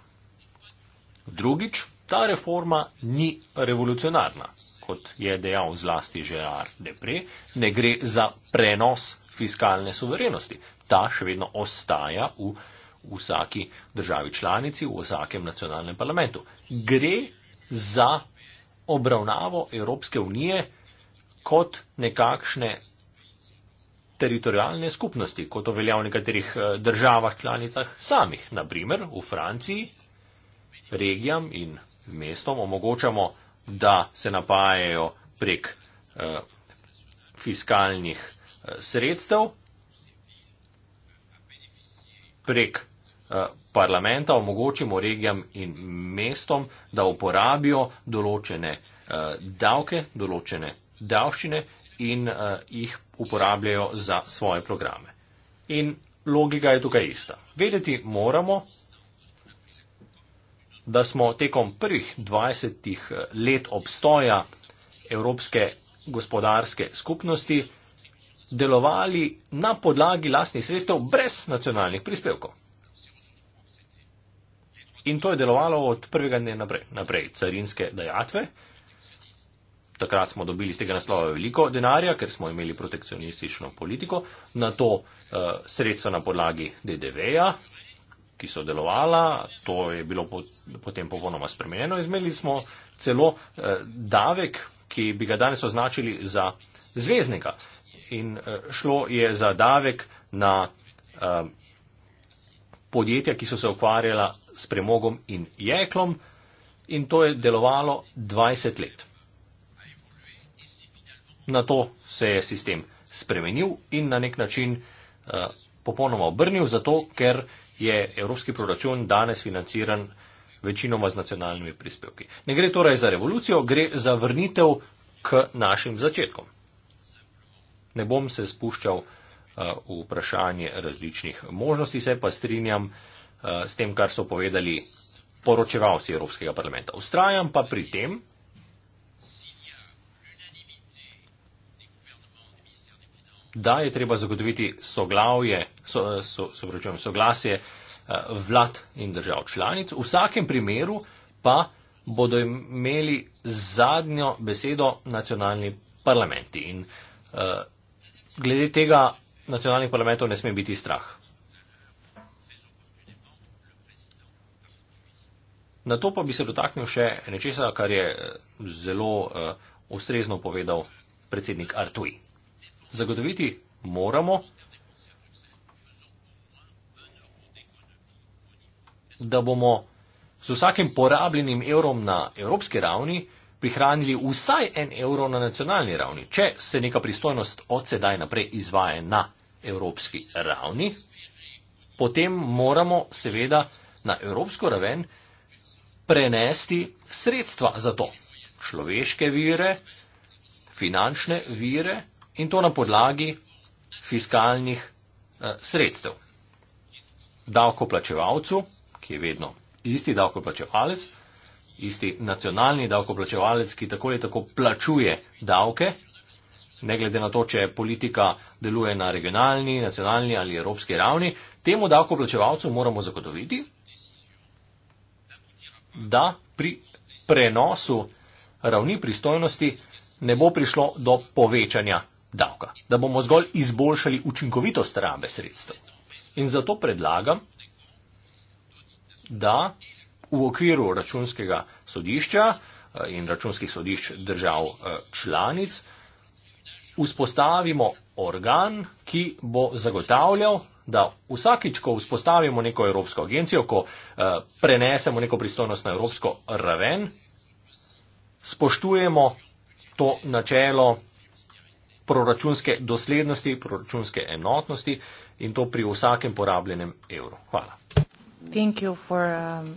Drugič, ta reforma ni revolucionarna, kot je dejal zlasti Gerard Depre, ne gre za prenos fiskalne suverenosti. Ta še vedno ostaja v vsaki državi članici, v vsakem nacionalnem parlamentu. Gre za obravnavo Evropske unije kot nekakšne teritorijalne skupnosti, kot to velja v nekaterih eh, državah članicah samih, naprimer v Franciji regijam in mestom omogočamo, da se napajajo prek eh, fiskalnih eh, sredstev, prek eh, parlamenta omogočimo regijam in mestom, da uporabijo določene eh, davke, določene davščine in eh, jih uporabljajo za svoje programe. In logika je tukaj ista. Vedeti moramo, da smo tekom prvih 20 eh, let obstoja Evropske gospodarske skupnosti delovali na podlagi lastnih sredstev brez nacionalnih prispevkov. In to je delovalo od prvega dne naprej, naprej carinske dejatve. Takrat smo dobili z tega naslova veliko denarja, ker smo imeli protekcionistično politiko, na to uh, eh, sredstva na podlagi DDV-ja, ki so delovala, to je bilo potem popolnoma spremenjeno. Izmeli smo celo eh, davek, ki bi ga danes označili za zvezdnika. In eh, šlo je za davek na eh, podjetja, ki so se ukvarjala s premogom in jeklom in to je delovalo 20 let. Na to se je sistem spremenil in na nek način uh, popolnoma obrnil, zato ker uh, je evropski proračun danes financiran večinoma z nacionalnimi prispevki. Ne gre torej za revolucijo, gre za vrnitev k našim začetkom. Ne bom se spuščal eh, v vprašanje različnih možnosti, se pa strinjam eh, s tem, kar so povedali poročevalci Evropskega parlamenta. Ustrajam pa pri tem, da je treba zagotoviti soglavje, so, eh, so, so, soglasje eh, vlad in držav članic. V vsakem primeru pa bodo imeli zadnjo besedo nacionalni parlamenti. In uh, glede tega nacionalnih parlamentov ne sme biti strah. Na to pa bi se dotaknil še nečesa, kar je zelo uh, ustrezno povedal predsednik Artui zagotoviti moramo, da bomo z vsakim porabljenim evrom na evropski ravni prihranili vsaj en evro na nacionalni ravni, če se neka pristojnost od sedaj naprej izvaja na evropski ravni, potem moramo seveda na evropsko raven prenesti sredstva za to. Človeške vire, finančne vire, in to na podlagi fiskalnih eh, sredstev. Davkoplačevalcu, ki je vedno isti davkoplačevalec, isti nacionalni davkoplačevalec, ki tako ali tako plačuje davke, ne glede na to, če politika deluje na regionalni, nacionalni ali evropski ravni, temu davkoplačevalcu moramo zagotoviti, da pri prenosu ravni pristojnosti ne bo prišlo do povečanja davka, da bomo zgolj izboljšali učinkovitost rabe sredstev. In zato predlagam, da v okviru računskega sodišča eh, in računskih sodišč držav eh, članic vzpostavimo organ, ki bo zagotavljal, da vsakič, ko vzpostavimo neko evropsko agencijo, ko eh, prenesemo neko pristojnost na evropsko raven, spoštujemo to načelo proračunske doslednosti, proračunske enotnosti in to pri vsakem porabljenem evru. Hvala. For, um...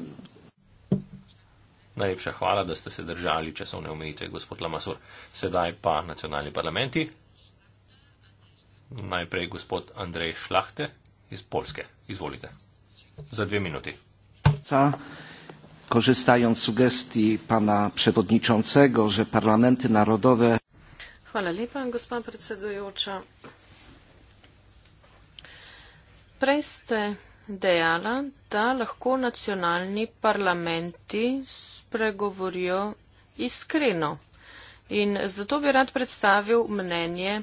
Najlepša hvala, da ste se držali časovne omejitve, gospod Lamasur. Sedaj pa nacionalni parlamenti. Najprej gospod Andrej Šlahte iz Polske. Izvolite. Za dve minuti. Ca? korzystając z sugestii pana przewodniczącego, że parlamenty narodowe Hvala lepa, gospa predsedujoča. Prej ste dejala, da lahko nacionalni parlamenti spregovorijo iskreno. In zato bi rad predstavil mnenje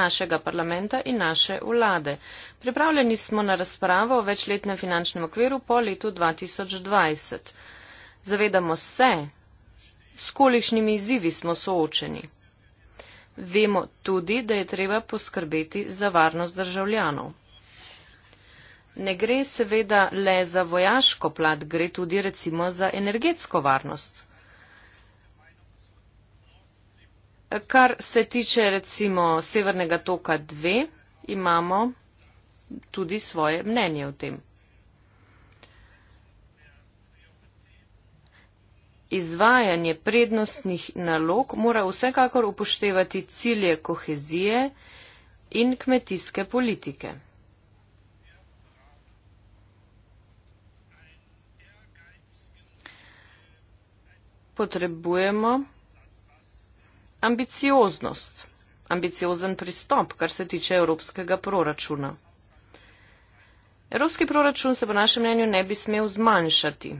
našega parlamenta in naše vlade. Pripravljeni smo na razpravo o večletnem finančnem okviru po letu 2020. Zavedamo se, s kolikšnimi izzivi smo soočeni vemo tudi, da je treba poskrbeti za varnost državljanov. Ne gre seveda le za vojaško plat, gre tudi recimo za energetsko varnost. Kar se tiče recimo Severnega toka 2, imamo tudi svoje mnenje o tem. izvajanje prednostnih nalog mora vsekakor upoštevati cilje kohezije in kmetijske politike. Potrebujemo ambicioznost, ambiciozen pristop, kar se tiče evropskega proračuna. Evropski proračun se po našem mnenju ne bi smel zmanjšati.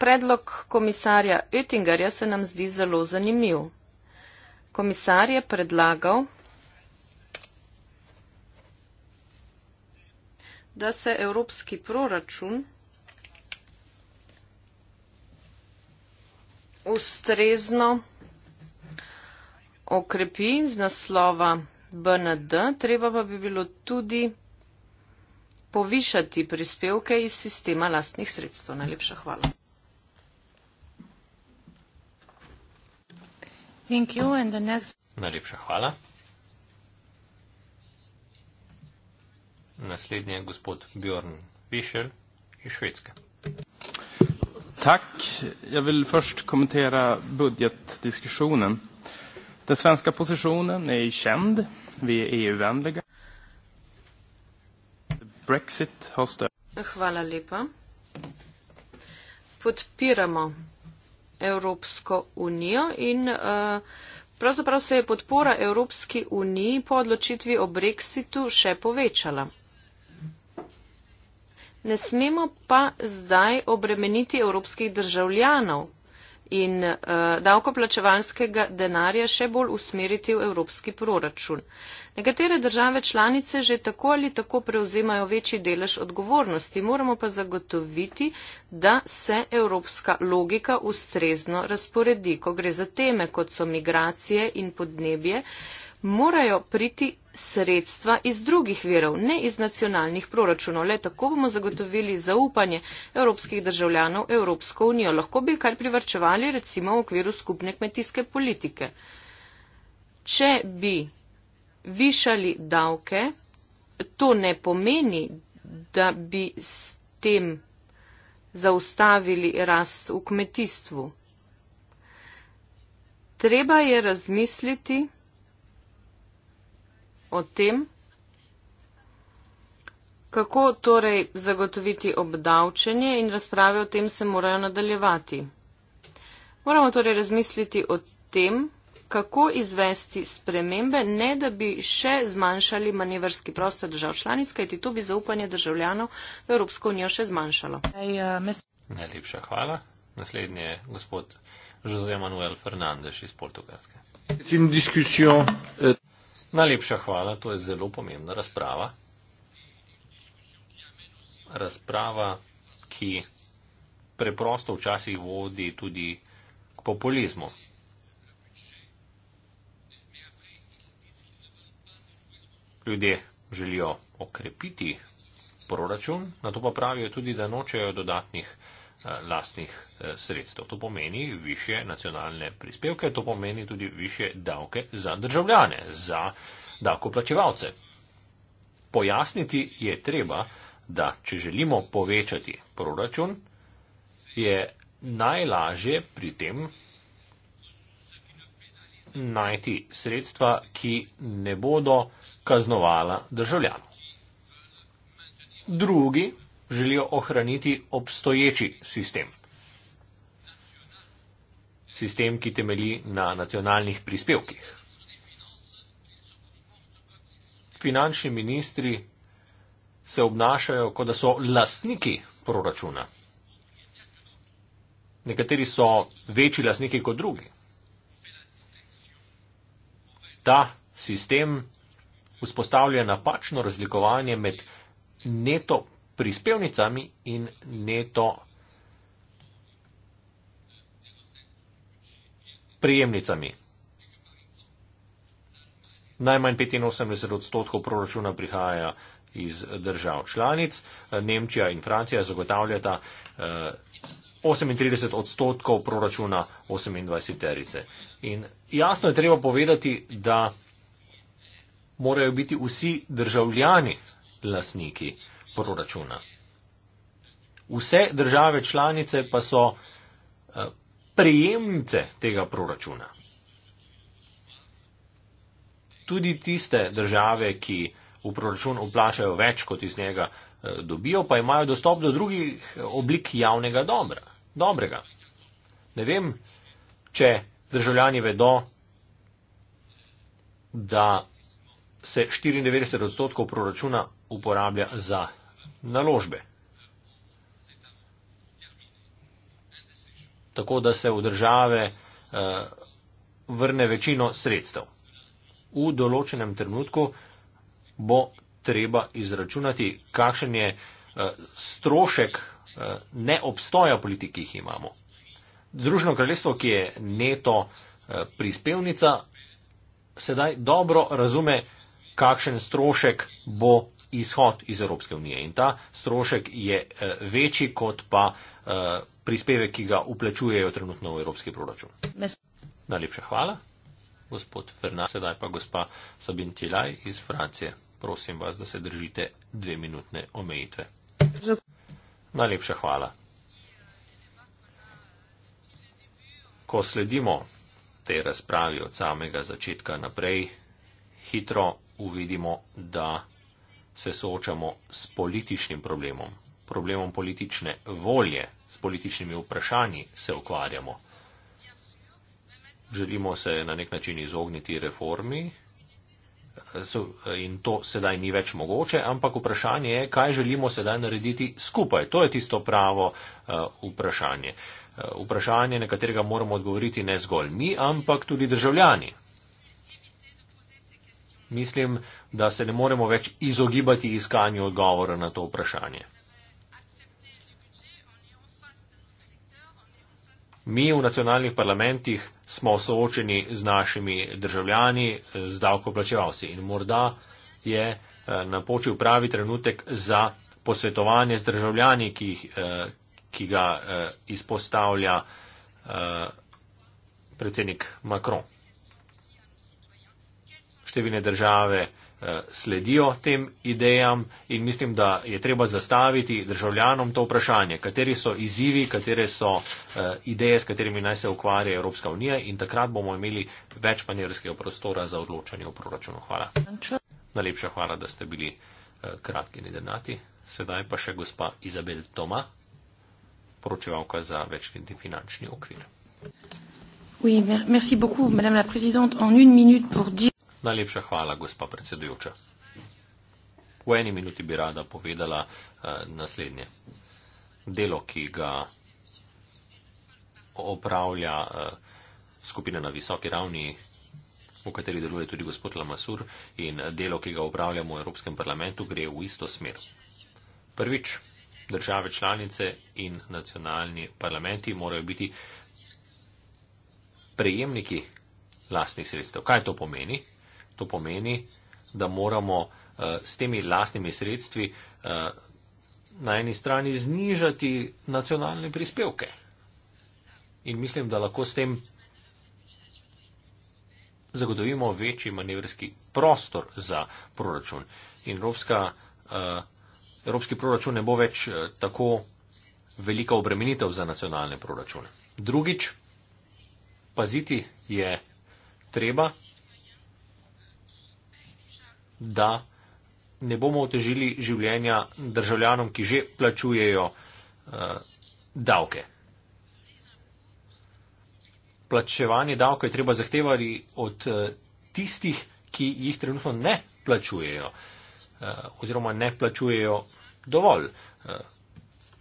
predlog komisarja Oettingerja se nam zdi zelo zanimiv. Komisar je predlagal, da se evropski proračun ustrezno okrepi z naslova BND, treba pa bi bilo tudi povišati prispevke iz sistema lastnih sredstev. Najlepša hvala. Thank you. And the next... Najlepša hvala. Naslednji je gospod Bjorn Wiesel iz Švedske. Tack. Jag vill först kommentera budgetdiskussionen. Den svenska positionen är er känd. Vi är er EU-vänliga. Brexit har stöd. Hvala lepa. Podpiramo Evropsko unijo in eh, pravzaprav se je podpora Evropski uniji po odločitvi o brexitu še povečala. Ne smemo pa zdaj obremeniti evropskih državljanov, in uh, davkoplačevalskega denarja še bolj usmeriti v evropski proračun. Nekatere države članice že tako ali tako prevzemajo večji delež odgovornosti, moramo pa zagotoviti, da se evropska logika ustrezno razporedi, ko gre za teme, kot so migracije in podnebje morajo priti sredstva iz drugih virov, ne iz nacionalnih proračunov. Le tako bomo zagotovili zaupanje evropskih državljanov Evropsko unijo. Lahko bi kar privrčevali recimo v okviru skupne kmetijske politike. Če bi višali davke, to ne pomeni, da bi s tem zaustavili rast v kmetijstvu. Treba je razmisliti, o tem, kako torej zagotoviti obdavčenje in razprave o tem se morajo nadaljevati. Moramo torej razmisliti o tem, kako izvesti spremembe, ne da bi še zmanjšali manevrski prostor držav članic, kajti to bi zaupanje državljanov v Evropsko unijo še zmanjšalo. Eh, Najlepša hvala. Naslednji je gospod Jose Manuel Fernandez iz Portugalske. Najlepša hvala, to je zelo pomembna razprava. Razprava, ki preprosto včasih vodi tudi k populizmu. Ljudje želijo okrepiti proračun, na to pa pravijo tudi, da nočejo dodatnih Eh, lastnih eh, sredstev. To pomeni više nacionalne prispevke, to pomeni tudi više davke za državljane, za davkoplačevalce. Pojasniti je treba, da če želimo povečati proračun, je najlažje pri tem najti sredstva, ki ne bodo kaznovala državljanov. Drugi želijo ohraniti obstoječi sistem. Sistem, ki temelji na nacionalnih prispevkih. Finančni ministri se obnašajo, kot da so lastniki proračuna. Nekateri so večji lastniki kot drugi. Ta sistem vzpostavlja napačno razlikovanje med neto prispevnicami in neto prijemnicami. Najmanj 85 odstotkov proračuna prihaja iz držav članic, Nemčija in Francija zagotavljata 38 eh, odstotkov proračuna 28 terice. In jasno je treba povedati, da morajo biti vsi državljani lasniki uh, proračuna. Vse države članice pa so eh, prejemnice tega proračuna. Tudi tiste države, ki v proračun uplašajo več, kot iz njega eh, dobijo, pa imajo dostop do drugih eh, oblik javnega dobra, dobrega. Ne vem, če državljani vedo, da se 94 odstotkov proračuna uporablja za naložbe. Tako da se v države eh, vrne večino sredstev. V določenem trenutku bo treba izračunati, kakšen je eh, strošek eh, neobstoja politik, ki jih imamo. Združeno kraljestvo, ki je neto prispevnica, sedaj dobro razume, kakšen strošek bo izhod iz Evropske unije in ta strošek je eh, večji kot pa eh, prispevek, ki ga uplačujejo trenutno v Evropski proračun. Mes. Najlepša hvala, gospod Fernand, sedaj pa gospa Sabin Tilaj iz Francije. Prosim vas, da se držite dve minutne omejitve. Najlepša hvala. Ko sledimo te razpravi od samega začetka naprej, hitro uvidimo, da se soočamo s političnim problemom, problemom politične volje, s političnimi vprašanji se ukvarjamo. Želimo se na nek način izogniti reformi in to sedaj ni več mogoče, ampak vprašanje je, kaj želimo sedaj narediti skupaj. To je tisto pravo eh, vprašanje. Eh, vprašanje, na katerega moramo odgovoriti ne zgolj mi, ampak tudi državljani mislim, da se ne moremo več izogibati iskanju odgovora na to vprašanje. Mi v nacionalnih parlamentih smo soočeni z našimi državljani, z davkoplačevalci in morda je eh, napočil pravi trenutek za posvetovanje z državljani, ki, jih, eh, ki ga eh, izpostavlja predsednik Macron številne države eh, sledijo tem idejam in mislim, da je treba zastaviti državljanom to vprašanje, kateri so izzivi, katere so eh, ideje, s katerimi naj se ukvarja Evropska unija in takrat bomo imeli več panjerskega prostora za odločanje o proračunu. Hvala. Najlepša hvala, da ste bili eh, kratki in denati. Sedaj pa še gospa Izabel Toma, poročevalka za večletni finančni okvir. Oui, merci beaucoup, Madame la Présidente. En une minute pour dire. Najlepša hvala, gospa predsedujoča. V eni minuti bi rada povedala eh, naslednje. Delo, ki ga opravlja eh, skupina na visoki ravni, v kateri deluje tudi gospod Lamasur, in delo, ki ga opravljamo v Evropskem parlamentu, gre v isto smer. Prvič, države članice in nacionalni parlamenti morajo biti prejemniki lastnih sredstev. Kaj to pomeni? To pomeni, da moramo eh, s temi lastnimi sredstvi eh, na eni strani znižati nacionalne prispevke. In mislim, da lahko s tem zagotovimo večji manevrski prostor za proračun. In evropska, eh, evropski proračun ne bo več tako velika obremenitev za nacionalne proračune. Drugič, paziti je treba da ne bomo otežili življenja državljanom, ki že plačujejo uh, davke. Plačevanje davkov je treba zahtevati od uh, tistih, ki jih trenutno ne plačujejo uh, oziroma ne plačujejo dovolj. Uh,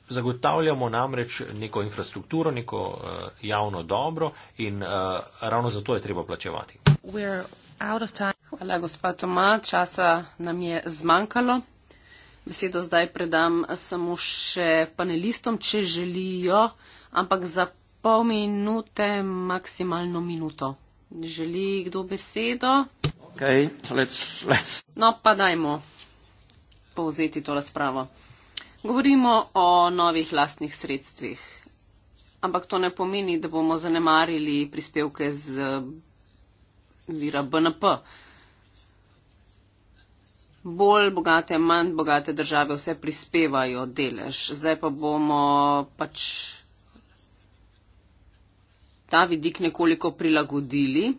zagotavljamo namreč neko infrastrukturo, neko uh, javno dobro in uh, ravno zato je treba plačevati. Hvala, gospod Toma. Časa nam je zmanjkalo. Besedo zdaj predam samo še panelistom, če želijo, ampak za pol minute, maksimalno minuto. Želi kdo besedo? Okay, let's, let's. No, pa dajmo povzeti to razpravo. Govorimo o novih lastnih sredstvih, ampak to ne pomeni, da bomo zanemarili prispevke z vira BNP bolj bogate, manj bogate države vse prispevajo delež. Zdaj pa bomo pač ta vidik nekoliko prilagodili.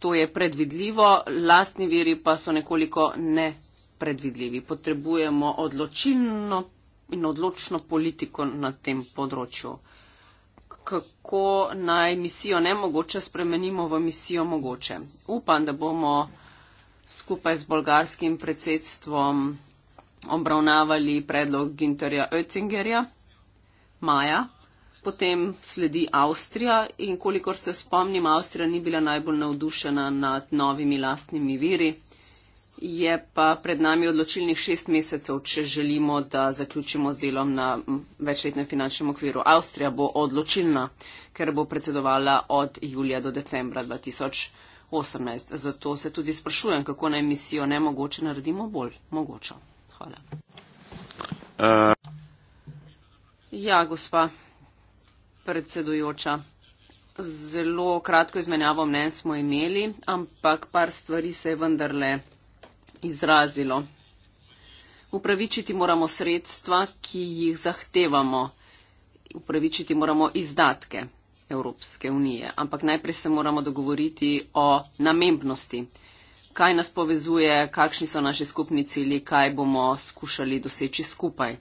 To je predvidljivo, lastni viri pa so nekoliko nepredvidljivi. Potrebujemo odločilno in odločno politiko na tem področju. Kako naj misijo nemogoče spremenimo v misijo mogoče? Upam, da bomo skupaj z bolgarskim predsedstvom obravnavali predlog Ginterja Oettingerja maja. Potem sledi Avstrija in kolikor se spomnim, Avstrija ni bila najbolj navdušena nad novimi lastnimi viri. Je pa pred nami odločilnih šest mesecev, če želimo, da zaključimo z delom na večletnem finančnem okviru. Avstrija bo odločilna, ker bo predsedovala od julija do decembra 2020. 18. Zato se tudi sprašujem, kako naj misijo ne mogoče naredimo bolj mogočo. Hvala. Uh. Ja, gospa predsedujoča. Zelo kratko izmenjavo mnen smo imeli, ampak par stvari se je vendarle izrazilo. Upravičiti moramo sredstva, ki jih zahtevamo. Upravičiti moramo izdatke. Evropske unije. Ampak najprej se moramo dogovoriti o namembnosti. Kaj nas povezuje, kakšni so naši skupni cilji, kaj bomo skušali doseči skupaj.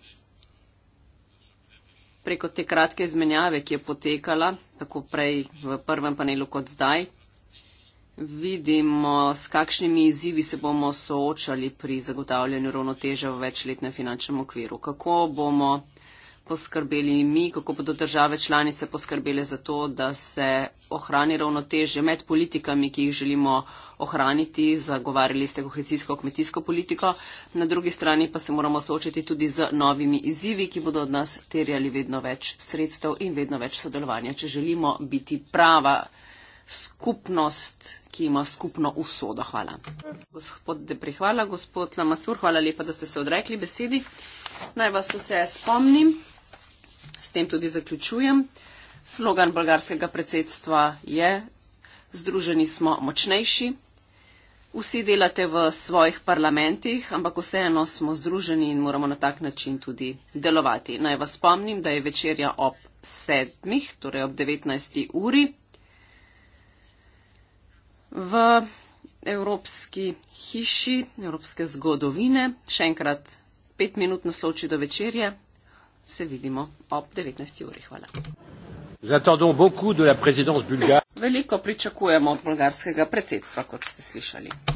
Preko te kratke izmenjave, ki je potekala, tako prej v prvem panelu kot zdaj, vidimo, s kakšnimi izzivi se bomo soočali pri zagotavljanju ravnoteže v večletnem finančnem okviru. Kako bomo poskrbeli mi, kako bodo države članice poskrbele za to, da se ohrani ravnotežje med politikami, ki jih želimo ohraniti, zagovarjali ste kohezijsko kmetijsko politiko, na drugi strani pa se moramo soočiti tudi z novimi izzivi, ki bodo od nas terjali vedno več sredstev in vedno več sodelovanja, če želimo biti prava skupnost, ki ima skupno usodo. Hvala. Gospod Deprihvala, gospod Lamasur, hvala lepa, da ste se odrekli besedi. Naj vas vse spomnim tem tudi zaključujem. Slogan bolgarskega predsedstva je Združeni smo močnejši. Vsi delate v svojih parlamentih, ampak vseeno smo združeni in moramo na tak način tudi delovati. Naj vas spomnim, da je večerja ob sedmih, torej ob 19. uri v Evropski hiši, Evropske zgodovine. Še enkrat pet minut nasloči do večerje, se vidimo ob 19. uri. Hvala. Veliko pričakujemo od bolgarskega predsedstva, kot ste slišali.